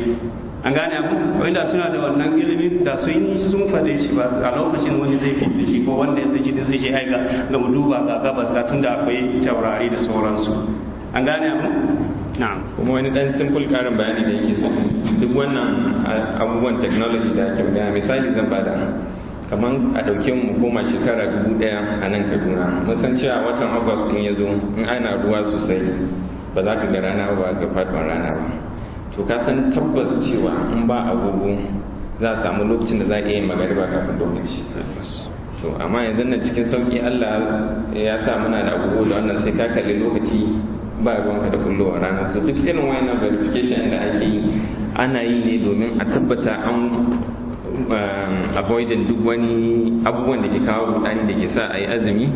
an gane abu da suna da wannan ilimin da sun yi sun fade shi ba a lokacin wani zai fi shi ko wanda ya sai da zai je aika ga mu duba ga gabas ga tunda akwai taurari da sauransu an gane abu na'am kuma wani dan simple karin bayani da yake so duk wannan abubuwan technology da ake magana misali zan bada kamar a ɗauke mu koma shekara dubu ɗaya a nan kaduna mun san cewa watan agwas ɗin ya zo in ana ruwa sosai ba za ka ga rana ba ga faɗin rana ba to ka san tabbas cewa in ba agogo za a samu lokacin da za a iya magariba kafin lokaci to amma yanzu nan cikin sauƙi allah ya sa muna da agogo da wannan sai ka kalli lokaci ba ruwanka da kullowa rana so duk irin wannan verification da ake yi ana yi ne domin a tabbata an Eh, avoiding duk wani abubuwan da ke kawo rudani da ke sa a yi azumi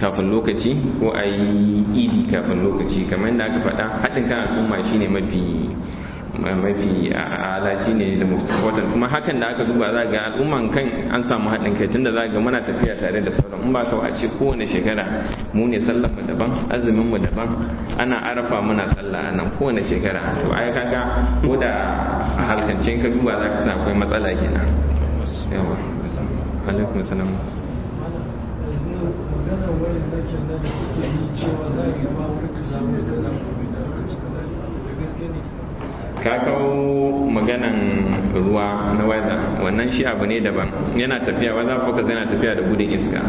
kafin lokaci ko a yi idi kafin lokaci kamar da aka faɗa haɗin kan al'umma shine mafi mafi ala shi ne da mutum kuma hakan da aka duba za ga al'umman kan an samu haɗin kai tunda za ga muna tafiya tare da sauran in ba ka wace kowane shekara mu ne sallar mu daban azumin mu daban ana arafa muna sallah anan kowane shekara to ai kaga ko da a halkance ka duba za ka san akwai matsala kenan yawa alaikum salam cewa za a yi ba wurin da za ka kawo maganan ruwa na weather wannan shi abu ne daban yana tafiya weather focus yana tafiya da gudun iska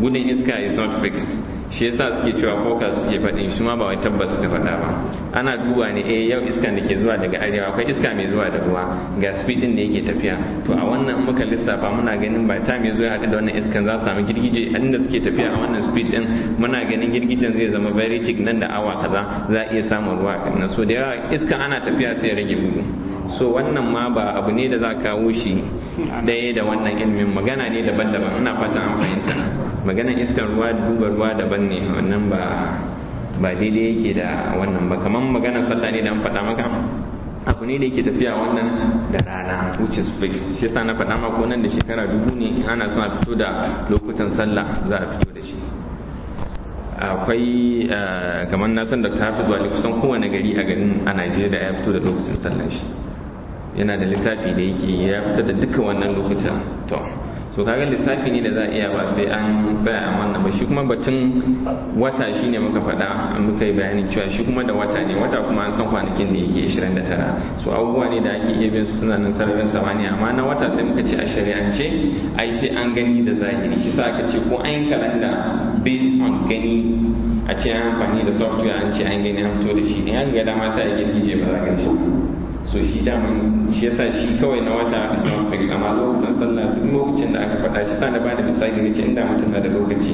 gudun iska is not fixed shi yasa suke cewa focus suke faɗi su ma ba wai tabbas suka faɗa ba ana duba ne eh yau iska da ke zuwa daga arewa akwai iska mai zuwa da ruwa ga speed din da yake tafiya to a wannan muka lissafa muna ganin ba ta mai zuwa haɗu da wannan iskan za su samu girgije a inda suke tafiya a wannan speed din muna ganin girgijen zai zama very nan da awa kaza za a iya samun ruwa na so da yawa iska ana tafiya sai ya rage gudu so wannan ma ba abu ne da za kawo shi daya da wannan ilimin magana ne daban-daban ina fata an fahimta maganan iskar ruwa da duba ruwa daban ne wannan ba ba daidai yake da wannan ba kamar magana sallah ne da an faɗa maka abu ne da yake tafiya wannan da rana which is fixed shi yasa na faɗa maka nan da shekara dubu ne ana son a fito da lokutan sallah za a fito da shi akwai eh, kamar na san da ta fi zuwa kusan kowane gari a garin a najeriya ya fito da lokacin sallah shi yana da littafi da yake ya fita da duka wannan lokuta to so kaga lissafi ne da za a iya ba sai an tsaya a wannan ba shi kuma batun wata shi ne muka faɗa muka yi bayanin cewa shi kuma da wata ne wata kuma an san kwanakin da yake 29 so abubuwa ne da ake iya bin su suna nan sararin samani amma na wata sai muka ce a shari'ance ai sai an gani da zahiri shi sa aka ce ko an yi kalanda based on gani a ce an amfani da software an ce an gani an fito da shi ne an ga dama sai a girgije ba za ka shi so shi daman shi yasa shi kawai na wata aka fix amma lokacin sallah duk lokacin da aka faɗa shi sa na bada misali na ce inda mutum na da lokaci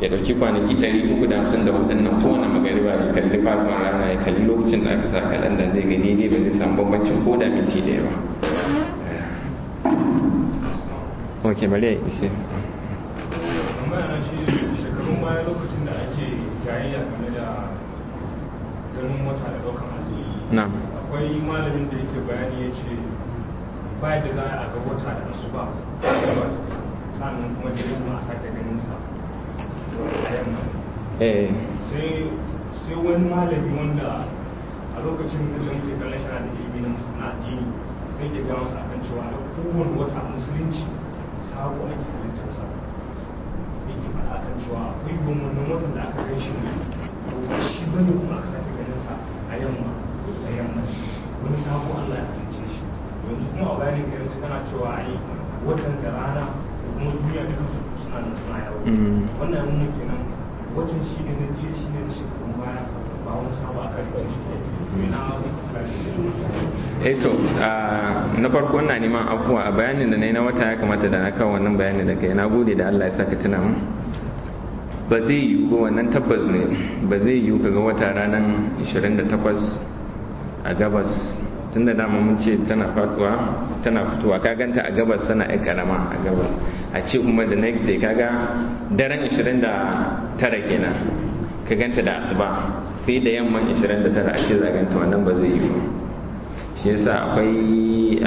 ya ɗauki kwanaki ɗari uku da hamsin da hudun nan kowane magariba ya kalli farkon rana ya kalli lokacin da aka sa kalanda zai gani ne ba zai samu bambancin ko da minti da ba. ok bari ya shi shekarun baya lokacin da ake jayayya game da ganin wata da ɗaukan azumi akwai malamin da yake bayani ya ce ba da za a ga wata da su ba sannan kuma da kuma a sake ganin sa eh. sai wani malami wanda a lokacin da ke kallon shi da ilimi na musulmi sai ke gaya a kan cewa da kowane wata musulunci sabo ake halittar sa yake faɗa kan cewa akwai gomannin wata da aka kai shi ne ko shi bane kuma aka sake ganin sa a yamma kan mm. na ce aka eh na neman afuwa a bayanin da na yi na wata ya kamata da na kawo wannan bayanin da kai na gode da Allah ya saka tuna mu ba zai yiwu ba wannan tabbas ne ba zai yiwu kaga wata ranar 28 a gabas tun da dama mun ce tana fatuwa tana fitowa ka ganta a gabas tana yan karama a gabas a ce kuma da next day kaga daren 29 kenan ka ganta da asuba sai da yamman 29 ake zaganta wannan ba zai yi ba shi yasa akwai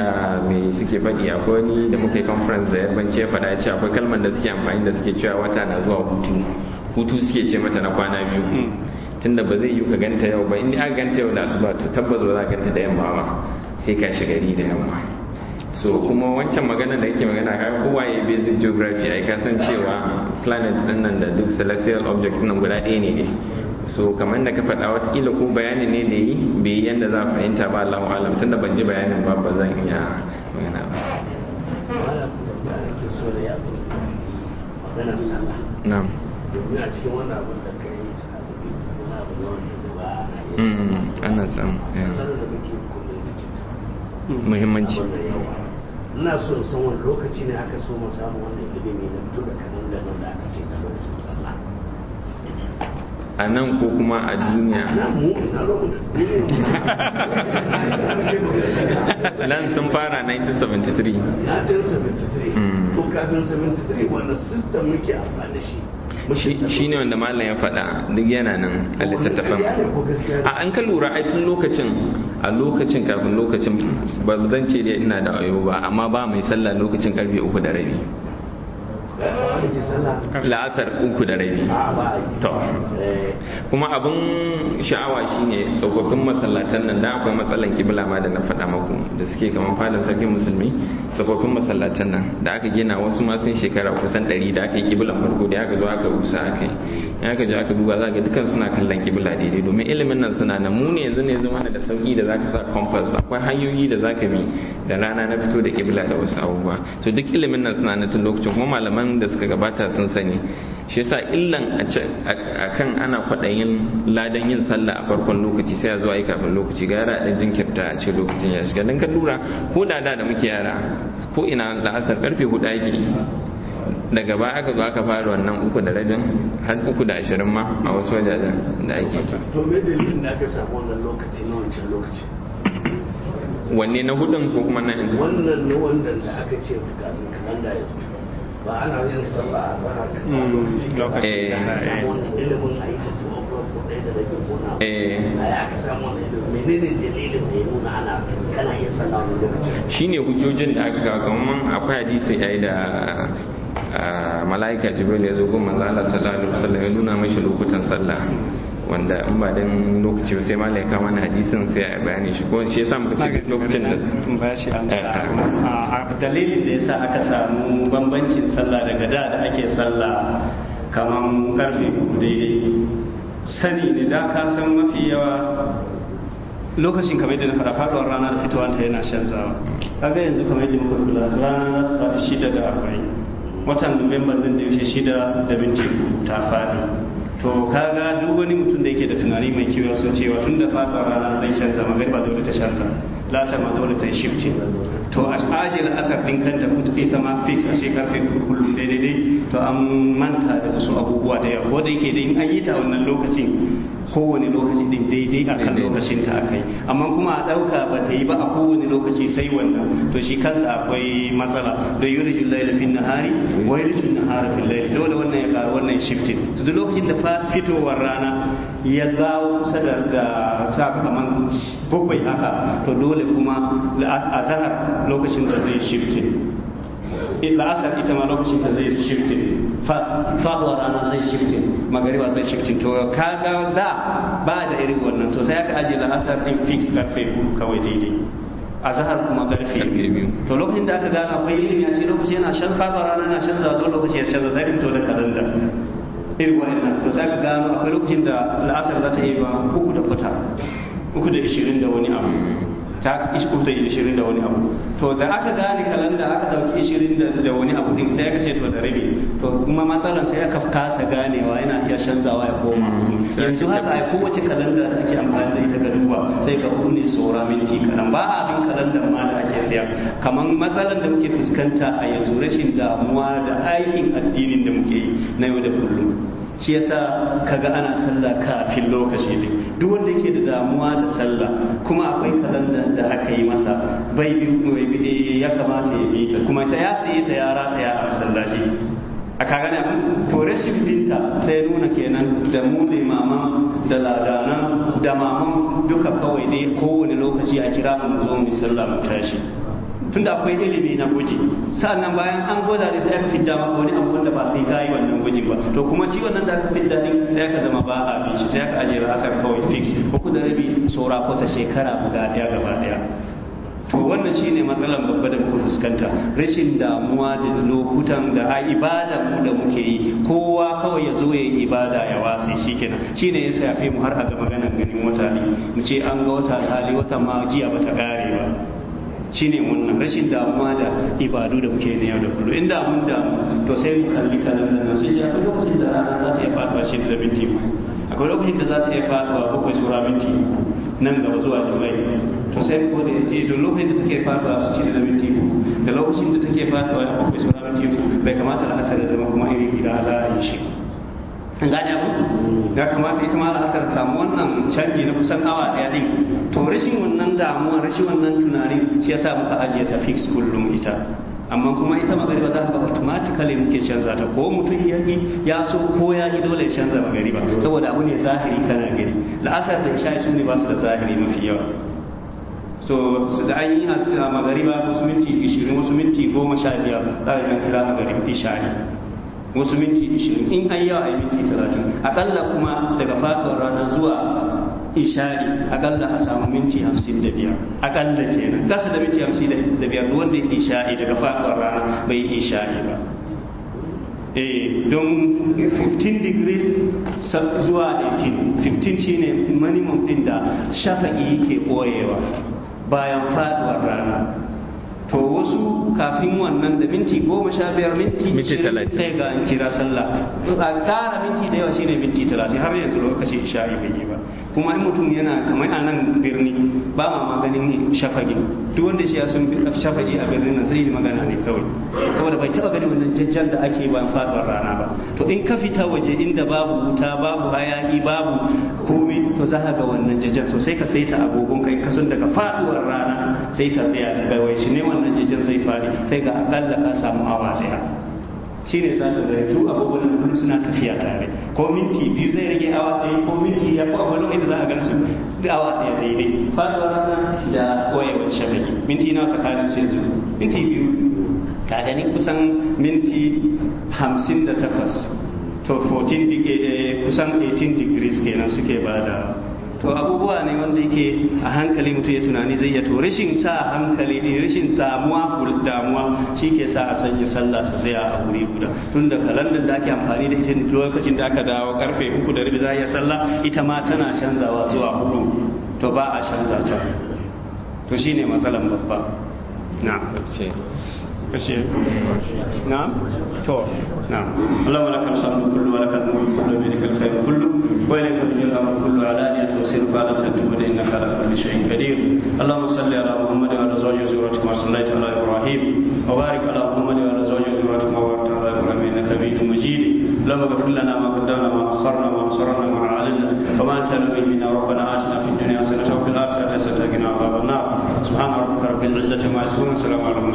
mai suke faɗi akwai wani da muka yi conference da yarbanci ya faɗa ce akwai kalmar da suke amfani da suke cewa wata na zuwa hutu hutu suke ce mata na kwana biyu tunda ba zai yi ka ganta yau ba inda aka ganta yau da asuba ta tabbas ba za ganta da yamma ba sai ka shiga gari da yamma so kuma wancan magana da yake magana ka kowaye basic geography ai ka san cewa planet din nan da duk celestial object nan guda ɗaya ne ne so kamar da ka faɗa kila ko bayanin ne da yi bai yadda za a fahimta ba Allahu alam tunda ban ji bayanin ba ba zan iya magana ba na'am domin a cikin wannan abin da kai Mm, ana muhimmanci ina so da aka ce na a nan ko kuma a duniya nan sun fara 1973 1973 ko kafin 73 wannan system muke amfani shi shi ne wanda malam ya faɗa duk yana nan a littattafan a an ka lura ai tun lokacin a lokacin kafin lokacin ba zan ce dai ina da ayo ba amma ba mai sallah lokacin karfe uku da rabi la'asar uku da rabi to kuma abin sha'awa shine tsofaffin masallatan nan da akwai matsalan kibla ma da na faɗa maku da suke kamar fadar sarkin musulmi tsofaffin masallatan nan da aka gina wasu masun shekara kusan ɗari da aka yi kibla farko da aka zo aka rusa aka yi aka ji aka duba za ga dukkan suna kallon kibla daidai domin ilimin nan suna nan mu ne yanzu ne zama da sauki da ka sa compass akwai hanyoyi da za ka bi da rana na fito da kibla da wasu abubuwa to duk ilimin nan suna na tun lokacin kuma malaman da suka gabata sun sani shi yasa illan a kan ana kwaɗayin ladan yin sallah a farkon lokaci sai a zuwa yi kafin lokaci gara ɗan jinkirta a ce lokacin ya shiga don ka lura ko da da da muke yara ko ina la'asar karfe hudu ake daga ba aka zo aka fara wannan uku da rabin har uku da ashirin ma a wasu wajajen da ake to me dalilin samu wannan lokaci na wancan lokaci wanne na hudun ko kuma na wannan na wanda aka ce kafin kalanda ya zo Eh, eh, shi ne hujjojin da aka ga akwai hadisi yi da ah, mala'ika jibril ya zo goma za'ala sallallahu alaihi ya nuna mashi lokutan sallah wanda in ba dan lokaci sai ma laika mana hadisin sai a bayani shi ko shi yasa muka ce lokacin da eh, dalilin da yasa aka samu bambancin sallah daga da da ake sallah kaman karfe uku daidai sani ne da ka san mafi yawa lokacin kamar yadda na fara faɗuwar rana da fitowa ta yana zawa kaga yanzu kamar yadda muka kula rana za ta faɗi shida da arba'in watan nuwamban nan da yaushe shida da minti ta faɗi to kaga duk wani mutum da yake da tunani mai kyau sun cewa tun da fata rana zai canza magariba dole ta canza lasa ma dole ta shifce to a ajiyar asar din kan ta kuma tafi zama fix a shekar fe kullum daidai to an manta da wasu abubuwa da yawa da yake dai in an yi ta wannan lokacin kowane lokaci din daidai a kan lokacin ta yi amma kuma a ɗauka ba ta yi ba a kowane lokaci sai wannan to shi kansa akwai matsala da yurijin laila fin nahari wa yurijin nahara fin laila dole wannan ya karu wannan shifting to duk lokacin da fitowar rana ya gawo sadar da sa kaman bakwai haka to dole kuma a zahar lokacin da zai shifting la'asar ita ma lokacin da zai shifting faɗuwa rana zai shifting magariba zai shifting to ka ga da ba da irin wannan to sai aka ajiye la'asar din fix karfe kawai daidai a zahar kuma karfe biyu to lokacin da aka ga akwai irin ya ce lokaci yana shan faɗuwa rana na shan zado lokaci ya shan zai to da kalanda irin wannan to sai aka gano akwai lokacin da la'asar za ta yi ba uku da kwata uku da ishirin da wani abu ta iskuta ta da wani abu to da aka gane kalan da aka dauki ishirin da wani abu din sai aka ce to da rabi to kuma matsalar sai aka kasa ganewa yana iya canzawa ya koma hmm. yanzu haka ai wace kalanda da ake amfani da ita ka duba sai ka kunne saura minti kalan ba a bin kalandar ma da ake siya kamar matsalar da muke fuskanta a yanzu rashin damuwa da aikin addinin da muke yi na yau da kullum shi yasa kaga ana sallah kafin lokaci ne duk wanda yake da damuwa da sallah kuma akwai kalanda da aka yi masa bai bi eh, ya kamata ya bi ta kuma ta ya sai ta ya rata ya masallaci a kaga ne to rashin binta sai nuna kenan da mu da imaman da ladanan da maman duka kawai dai kowane lokaci a kira mu zo mu sallah mu tashi tunda akwai ilimi na guji sa'annan bayan an gwada da sai aka fidda maka wani abu da ba sai kayi wannan gujin ba to kuma ciwon nan da aka fidda din sai aka zama ba a bin sai aka ajiye asar kawai fix uku da rabi saura ta shekara guda daya gaba daya to wannan shine matsalar babba da muke fuskanta rashin damuwa da lokutan da a ibada mu da muke yi kowa kawai ya zo ya yi ibada ya wasi shikenan shine ya safe mu har a ga maganar ganin wata ne mu ce an ga wata hali wata ma jiya bata kare ba shine munna rashin damuwa da ibadu da muke na yau da kullum inda mun da to sai mu kalli kalan nan sai ya lokacin da rana za ta iya faɗuwa shi da minti akwai lokacin da za ta iya ko kai sura binti nan gaba zuwa juma'i to sai ko da yaje don lokacin da take faɗuwa shi da minti da lokacin da take ko kai sura minti bai kamata da asar zama kuma iri da Allah ya shi gane abu mm. ya kamata ita ma al'asar samu wannan canji na kusan awa daya din to rashin wannan damuwa rashin wannan tunani shi ya yasa muka ajiye ta fix kullum ita amma kuma ita magariba za ka automatically muke canza ta ko mutum ya yi ya so ko ya yi dole ya canza magariba saboda abu ne zahiri kana gari la'asar da isha su ne ba su da zahiri mafi yawa so su da an a magariba wasu minti 20 wasu minti 15 za ka kira magariba isha ne wasu minti ishirin in an yawa a yi minti talatin akalla kuma daga faɗin rana zuwa ishari akalla a samu minti hamsin da biyar akalla kenan kasa da minti hamsin da biyar wanda ya ishari daga faɗin rana bai yi ishari ba eh don 15 degrees zuwa 18 15 shine minimum din da shafa'i yake koyewa bayan faɗuwar rana to wasu kafin wannan da minti goma sha biyar minti minti talatin sai ga an kira sallah a tara minti da yawa shine minti talatin har yanzu lokaci isha'i bai yi ba kuma in mutum yana kamar a nan birni ba ma maganin shafagi duk wanda shi ya sun shafagi a birnin nan sai yi magana ne kawai saboda bai taba gani wannan jajjan da ake ba faɗuwar rana ba to in ka fita waje inda babu wuta babu hayaki babu komai to za ka ga wannan jajjan so sai ka sai ta agogon kai ka sun daga faduwar rana sai ka tsaya ka wai shi ne wannan jajjan zai fari sai ga akalla ka samu awa daya shi ne za ta zai tu abubuwan kudu suna tafiya tare ko minti biyu zai rage awa ɗaya ko minti ya ko abu lokacin za a gan su awa ɗaya daidai faɗuwa rana da koyewar shafaki minti nawa tsakanin su yanzu minti biyu ka gani kusan minti hamsin da takwas to 14 eh, kusan 18 degrees kenan suke ba da to abubuwa ne wanda yake a hankali mutum ya tunani zai to rashin sa hankali ne rashin damuwa damuwa shi ke sa a sanya sallah ta zai a wuri guda tun da kalandar da ake amfani da ita lokacin da aka dawo karfe uku da rabi za a yi sallah ita ma tana canzawa zuwa hudu to ba a canza ta to shine matsalan babba na كشيء نعم تو طيب. نعم اللهم لك الحمد كله ولك الملك كله بيدك الخير كله وإليك الجل الأمر كله علانية وسرك على تنتم إنك على كل شيء قدير اللهم صل على محمد وعلى زوجه وزوجته كما صليت على إبراهيم وبارك على محمد وعلى زوجه وزوجته كما باركت على إبراهيم إنك حميد مجيد اللهم اغفر لنا ما قدمنا ما أخرنا ما أسررنا ما أعلنا وما أنت نبي منا ربنا آتنا في الدنيا حسنة وفي الآخرة حسنة وقنا عذاب النار سبحان ربك رب العزة عما يصفون وسلام على